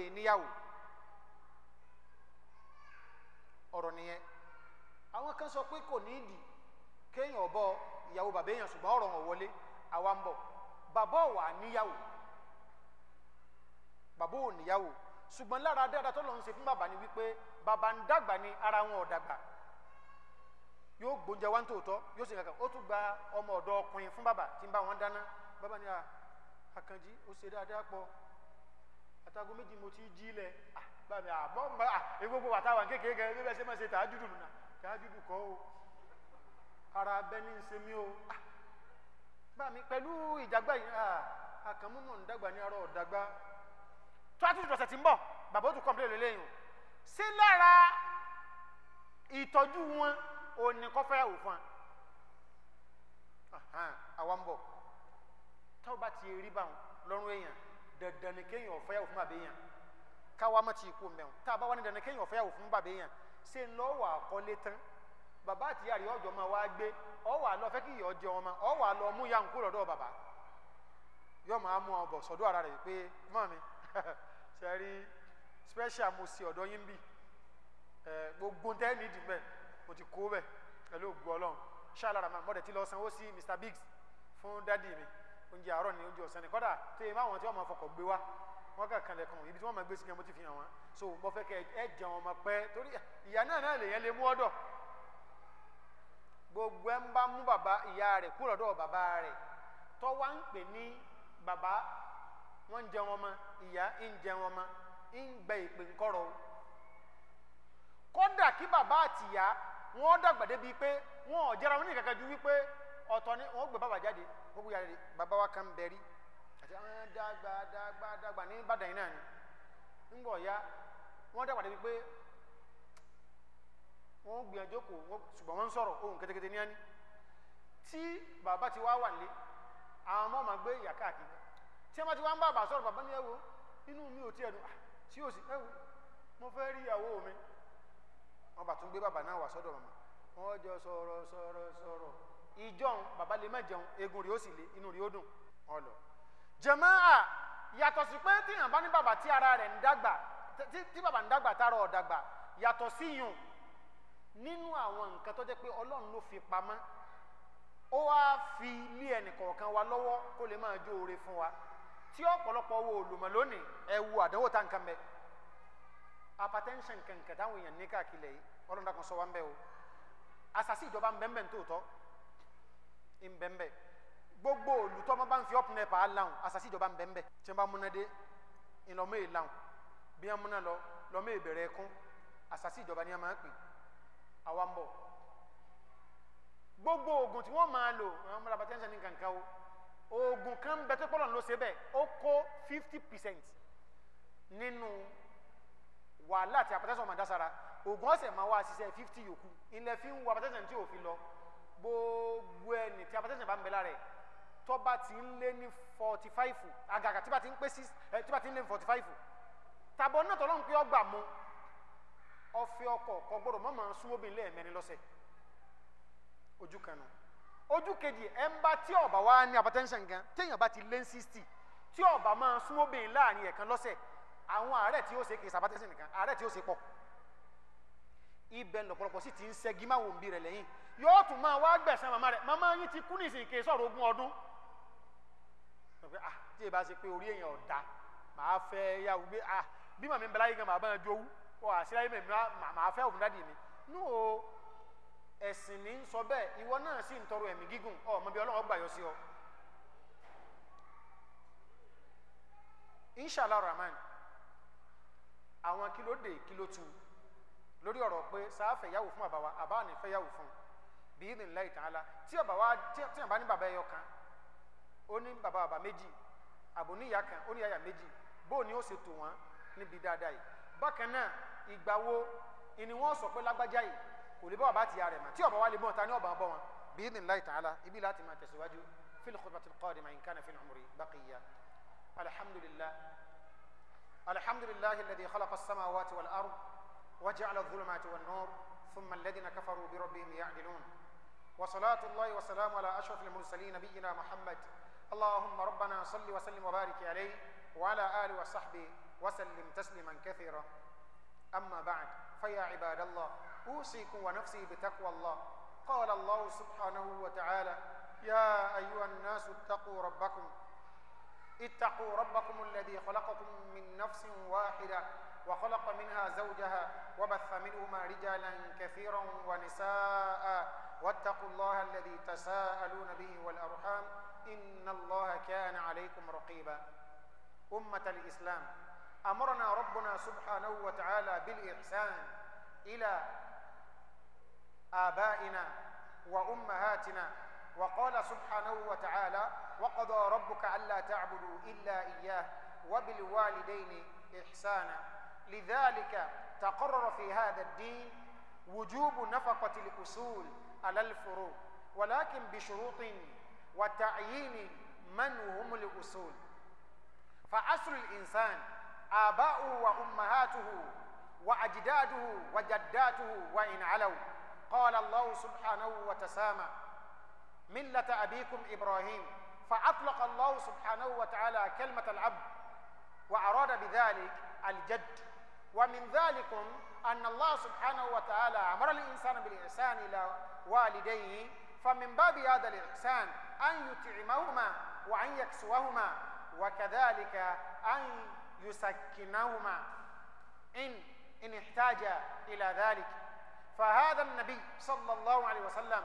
níyàwó bàbá ò níyàwó ṣùgbọ́n lára dáadáa tó lọ́n ń ṣe fún bàbá ni wípé bàbá ń dàgbà ni ara wọn ò dàgbà yóò gbóúnjẹ wá ń tòótọ́ yóò sì kankan ó tún gba ọmọ ọ̀dọ́ ọkùnrin fún bàbá tí ń bá wọn dáná bàbá ni àkànjí ó ṣe dáadáa pọ̀ àtàgọ́ méjì mo ti jí lẹ̀ bá mi àbọ̀ ń bá egbogbo àtàwọn kékeré gẹ́gẹ́ bí bẹ́ẹ̀ ṣe máa ṣe tàájúdù nù náà tàájúdù kọ́ o ara tó a ti dọ̀sẹ̀ otu ń bọ̀ bàbá si tún lè léyìn o sí lára ìtọ́jú wọn òní kọ́ fẹ́ òfin àwa bọ̀ o bá ti rí bá wọn lọ́rùn èèyàn dandan ni kéèyàn ọ̀fẹ́ òfin bàbá èèyàn káwa má ti kú mẹ́wọ̀n tá a bá wà ní dandan kéèyàn ọ̀fẹ́ òfin bàbá èèyàn ṣe ń tán bàbá àti ọjọ́ máa wá gbé ọ wà lọ fẹ́ kí ọ wà lọ mú lọ́dọ̀ bàbá máa <laughs> sẹ́rí special mo sì ọ̀dọ́ yín bì ẹ gbogbo tẹ́ ní ìdìbẹ̀ mo ti kó bẹ̀ pẹ̀lú ògbó ọlọ́run ṣáàlára máa mọ̀dẹ̀ tí lọ sanwó sí Mr Biggs fún dádì mi oúnjẹ àárọ̀ ni oúnjẹ ọ̀sán ni kọ́dà tó yẹ máa wọn tí wọ́n máa fọkọ̀ gbé wá wọ́n kà kalẹ̀ kan ibi tí wọ́n máa gbé sí yẹn mo ti fi hàn wọ́n so mo fẹ́ kẹ́ ẹ jẹun ọmọ pẹ́ torí ìyá náà náà lè yẹn lè mú ọ́dọ̀ gbogbo ẹ ń bá mú bàbá ìyá rẹ̀ kúrò lọ́dọ̀ bàbá rẹ̀ tọ́wá ń pè ní bàbá wọ́n ń jẹun ọmọ ìyá ń jẹ wọn ma ń gbẹ ìpè ńkọrọ o kódà kí bàbá àtìyá wọn dàgbà débi pé wọn ò jẹra wọn ní kankan ju wípé ọ̀tọ̀ ni wọn gbé bàbá jáde wọn gbé jáde bàbá wa kan bẹ̀rí àti àwọn dàgbà dàgbà dàgbà ní Ìbàdàn yìí náà ni ńgbọ̀ ya wọn dàgbà débi pé wọn gbìyànjú kò ṣùgbọ́n wọn sọ̀rọ̀ ohun kẹ́tẹ́kẹ́tẹ́ ní ẹni tí bàbá ti wá wà lé àwọn ọmọ máa gbé ìyá tí wọ́n bá bàbá sọ̀rọ̀ bàbá inu mi ò tiẹ̀ nù ah, tí ó sì ẹ̀wò mo fẹ́ rí ìyàwó mi wọ́n bá gbé bàbá náà wá sọ́dọ̀ màmá wọ́n jọ sọ̀rọ̀ sọ̀rọ̀ sọ̀rọ̀ ìjọun bàbá lè má jẹun egun ó sì lé inú ri ó dùn ọlọ. yàtọ̀ sí pé bàbá tí ara rẹ̀ ń dàgbà tí bàbá ń dàgbà yàtọ̀ sí yùn nínú àwọn wa lọ́wọ́ kó lè máa jó fún wa tí ọ̀pọ̀lọpọ̀ wo olùmọ̀ lónìí ẹ wo àdánwò tá nǹkan bẹ hypertension kankan táwọn èèyàn ní káàkiri yìí ọlọ́dà kan sọ wá ń bẹ o asasi ìjọba ń bẹ́ẹ̀ tóòtọ́ ń bẹ́ẹ̀ gbogbo olùtọ́ ọmọ bá ń fi up nepa á láwọn asasi ìjọba ń bẹ́ẹ̀ tí wọ́n bá múná dé ńlọmọ èè láwọn bí wọ́n múná lọ lọ́mọ èè bẹ̀rẹ̀ ẹkún asasi ìjọba ni wọ́n máa ń pè àwa ń bọ̀ gbogbo oògùn kan bẹ tó pọlọ ló ṣe bẹ́ẹ̀ ó kó fifty percent nínú wàhálà àti àpẹtẹsọ màdásara oògùn ọsẹ máa wá ṣiṣẹ́ fifty yòókù ilẹ̀ fi ń wo àpẹtẹsọ tí òfin lọ gbogbo ẹni tí àpẹtẹsọ bá ń bẹ lára ẹ tọba ti ń lé ní forty five àgàgà tí bá ti ń pé ẹ eh, tí bá ti ń lé ní forty five tàbọ̀ náà tọ́lọ́run pé ọgbà mu ọfẹ ọkọ kọ gbọdọ̀ mọ́ máa súnmọ́ bí lẹ́ẹ̀mẹ́rin lọ́sẹ̀ ojú kan náà ojú kejì ẹ ń bá tí ọba wa ní hypertension gan téèyàn bá ti lé sixty tí ọba máa súnmọ́ bẹ́ẹ̀ láàrin ẹ̀kan lọ́sẹ̀ àwọn àárẹ̀ tí ó ṣe kì í hypertension nìkan àárẹ̀ tí ó ṣe pọ̀ ibẹ̀ lọ́pọ̀lọpọ̀ sì ti ń ṣẹ́gi máa wò ń bí rẹ̀ lẹ́yìn yóò tún máa wá gbẹ̀sán màmá rẹ̀ màmá yín ti kú nísìnyí kì í sọ̀rọ̀ ogún ọdún ah, tí èèyàn bá ṣe pé orí èèyàn ọ̀dà màá fẹ́ yàwó gbé ah, bí màmí ń bẹ láyé gan màá bá ń jowú ọ̀ àṣírí ayé màmá fẹ́ òun dádì mi nù o ẹ̀sìn ní sọ bẹ́ẹ̀ ìwọ náà sì ń tọrọ ẹ̀mí gígùn ọ mọ bí Ọlọ́run gbà yọ sí ọ. inshallah rahman àwọn kí ló dé kí ló tu lórí ọ̀rọ̀ pé sáfẹ̀ yàwó fún àbáwá àbá ní fẹ́ yàwó fún bí ìdìn láì tàn án la tí ọba wa tí àbá ní bàbá ẹyọ kan ó ní bàbá bàbá méjì àbò ní ìyá kan ó ní ìyá méjì bó ni ó ṣe tò wọ́n níbi dáadáa yìí bákan náà ìgbà wo ni wọ́n sọ pé lágbájá yìí kò lè bá ọba ti ya rẹ̀ mà tí ọba wa lè bọ̀ ta ni ọba bọ̀ wọn bi'idhnillahi ta'ala ibi láti máa tẹ̀síwájú fil khutbatil qadimah in kana fil umri baqiyya alhamdulillah alhamdulillahi alladhi khalaqa as-samawati wal ard وجعل الظلمات والنور ثم الذين كفروا بربهم يعدلون وصلاة الله وسلام على أشرف المرسلين نبينا محمد اللهم ربنا صل وسلم وبارك عليه وعلى آله وصحبه وسلم تسليما كثيرا أما بعد فيا عباد الله أوصيكم ونفسي بتقوى الله قال الله سبحانه وتعالى يا أيها الناس اتقوا ربكم اتقوا ربكم الذي خلقكم من نفس واحدة وخلق منها زوجها وبث منهما رجالا كثيرا ونساء واتقوا الله الذي تساءلون به والأرحام إن الله كان عليكم رقيبا أمة الإسلام أمرنا ربنا سبحانه وتعالى بالإحسان إلى آبائنا وأمهاتنا وقال سبحانه وتعالى وقضى ربك ألا تعبدوا إلا إياه وبالوالدين إحسانا لذلك تقرر في هذا الدين وجوب نفقة الأصول على الفروع ولكن بشروط وتعيين من هم الأصول فأصل الإنسان آباؤه وأمهاته وأجداده وجداته وإن علوا قال الله سبحانه وتسامى ملة أبيكم إبراهيم فأطلق الله سبحانه وتعالى كلمة العبد وأراد بذلك الجد ومن ذلكم أن الله سبحانه وتعالى أمر الإنسان بالإحسان إلى والديه فمن باب هذا الإحسان أن يطعمهما وأن يكسوهما وكذلك أن يسكنهما إن إن احتاج إلى ذلك فهذا النبي صلى الله عليه وسلم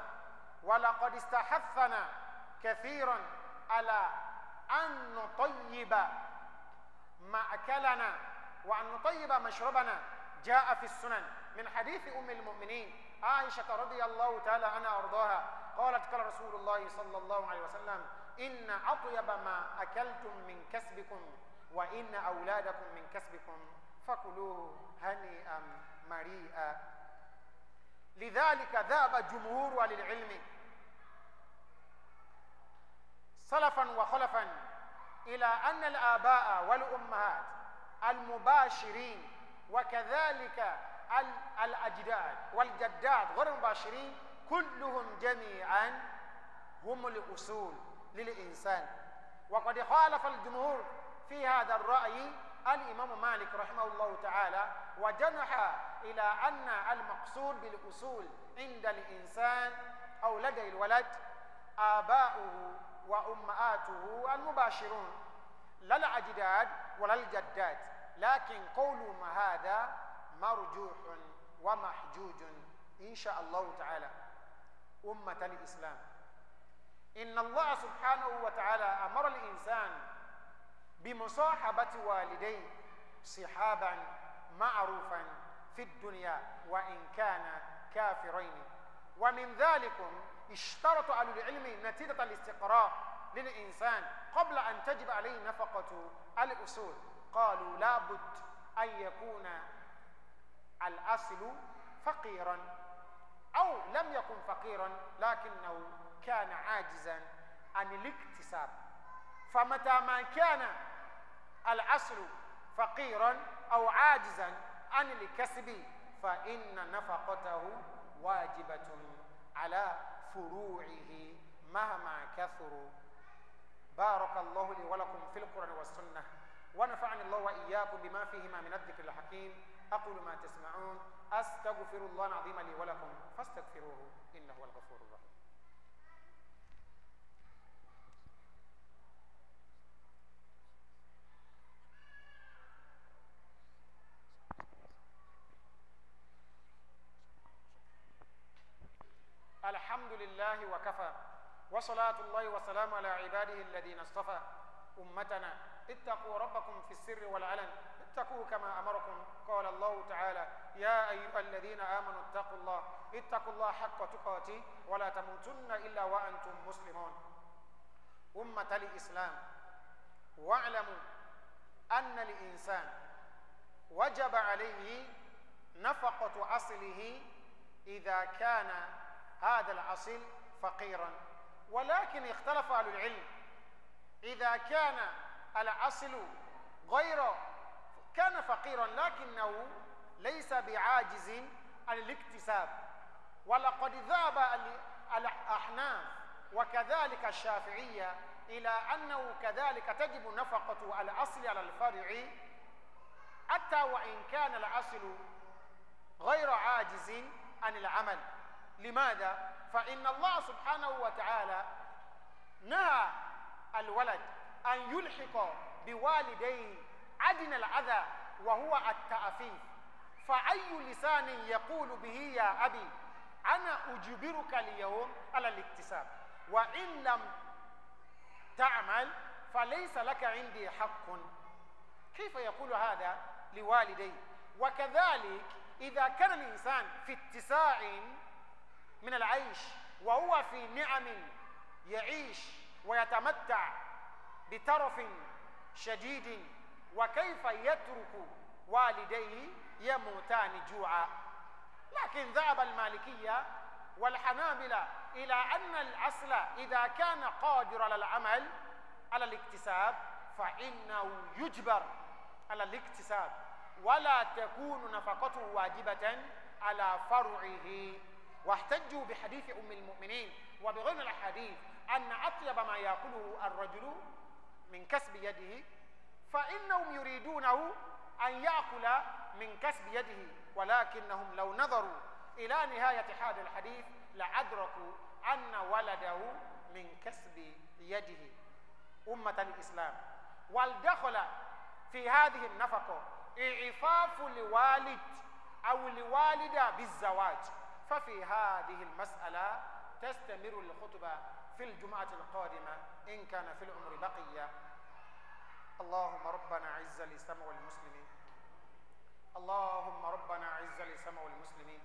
ولقد استحثنا كثيرا على أن نطيب مأكلنا وأن نطيب مشربنا جاء في السنن من حديث أم المؤمنين عائشة رضي الله تعالى عنها أرضاها قالت قال رسول الله صلى الله عليه وسلم إن أطيب ما أكلتم من كسبكم وإن أولادكم من كسبكم فكلوه هنيئا مريئا لذلك ذاب جمهور أهل العلم سلفا وخلفا إلى أن الآباء والأمهات المباشرين وكذلك الأجداد والجداد غير المباشرين كلهم جميعا هم الأصول للإنسان وقد خالف الجمهور في هذا الرأي الإمام مالك رحمه الله تعالى وجنح إلى أن المقصود بالأصول عند الإنسان أو لدى الولد آباؤه وأمهاته المباشرون لا الأجداد ولا الجدات لكن قول ما هذا مرجوح ومحجوج إن شاء الله تعالى أمة الإسلام إن الله سبحانه وتعالى أمر الإنسان بمصاحبة والديه صحابا معروفا في الدنيا وإن كان كافرين ومن ذلكم اشترط أهل العلم نتيجة الاستقراء للإنسان قبل أن تجب عليه نفقة الأصول قالوا لابد أن يكون الأصل فقيرا أو لم يكن فقيرا لكنه كان عاجزا عن الاكتساب فمتى ما كان الأصل فقيرا أو عاجزا عن الكسب فإن نفقته واجبة على فروعه مهما كثروا بارك الله لي ولكم في القرآن والسنة ونفعني الله وإياكم بما فيهما من الذكر الحكيم أقول ما تسمعون أستغفر الله العظيم لي ولكم فاستغفروه إنه هو الغفور الرحيم الحمد لله وكفى وصلاة الله وسلام على عباده الذين اصطفى أمتنا اتقوا ربكم في السر والعلن اتقوا كما أمركم قال الله تعالى يا أيها الذين آمنوا اتقوا الله اتقوا الله حق تقاته ولا تموتن إلا وأنتم مسلمون أمة الإسلام واعلموا أن الإنسان وجب عليه نفقة أصله إذا كان هذا الأصيل فقيرا ولكن اختلف أهل العلم إذا كان الأصل غير كان فقيرا لكنه ليس بعاجز عن الاكتساب ولقد ذهب الأحناف وكذلك الشافعية إلى أنه كذلك تجب نفقة الأصل على الفرع حتى وإن كان الأصل غير عاجز عن العمل لماذا فان الله سبحانه وتعالى نهى الولد ان يلحق بوالديه عدن الاذى وهو التعفيف فاي لسان يقول به يا ابي انا اجبرك اليوم على الاكتساب وان لم تعمل فليس لك عندي حق كيف يقول هذا لوالديه وكذلك إذا كان الإنسان في اتساع من العيش وهو في نعم يعيش ويتمتع بترف شديد وكيف يترك والديه يموتان جوعا لكن ذهب المالكية والحنابلة إلى أن الأصل إذا كان قادر على العمل على الاكتساب فإنه يجبر على الاكتساب ولا تكون نفقته واجبة على فرعه واحتجوا بحديث أم المؤمنين وبغير الأحاديث أن أطيب ما يأكله الرجل من كسب يده فإنهم يريدونه أن يأكل من كسب يده ولكنهم لو نظروا إلى نهاية هذا الحديث لأدركوا أن ولده من كسب يده أمة الإسلام والدخل في هذه النفقة إعفاف الوالد أو الوالدة بالزواج ففي هذه المسألة تستمر الخطبة في الجمعة القادمة إن كان في العمر بقية اللهم ربنا عز لسمع المسلمين اللهم ربنا عز لسمع المسلمين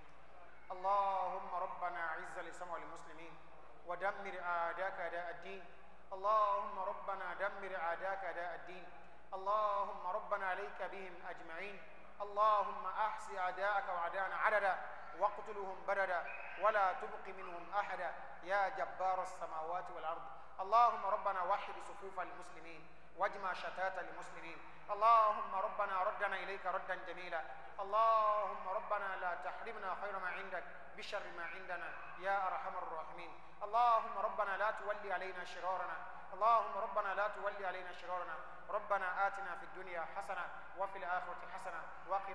اللهم ربنا عز لسمع المسلمين ودمر أعداءك أداء الدين اللهم ربنا دمر أعداءك أداء الدين اللهم ربنا عليك بهم أجمعين اللهم أحصي أعداءك وأعداءنا عددا واقتلهم بردا ولا تبق منهم احدا يا جبار السماوات والارض اللهم ربنا وحد صفوف المسلمين واجمع شتات المسلمين اللهم ربنا ردنا اليك ردا جميلا اللهم ربنا لا تحرمنا خير ما عندك بشر ما عندنا يا ارحم الراحمين اللهم ربنا لا تولي علينا شرارنا اللهم ربنا لا تولي علينا شرارنا ربنا آتنا في الدنيا حسنة وفي الآخرة حسنة وقنا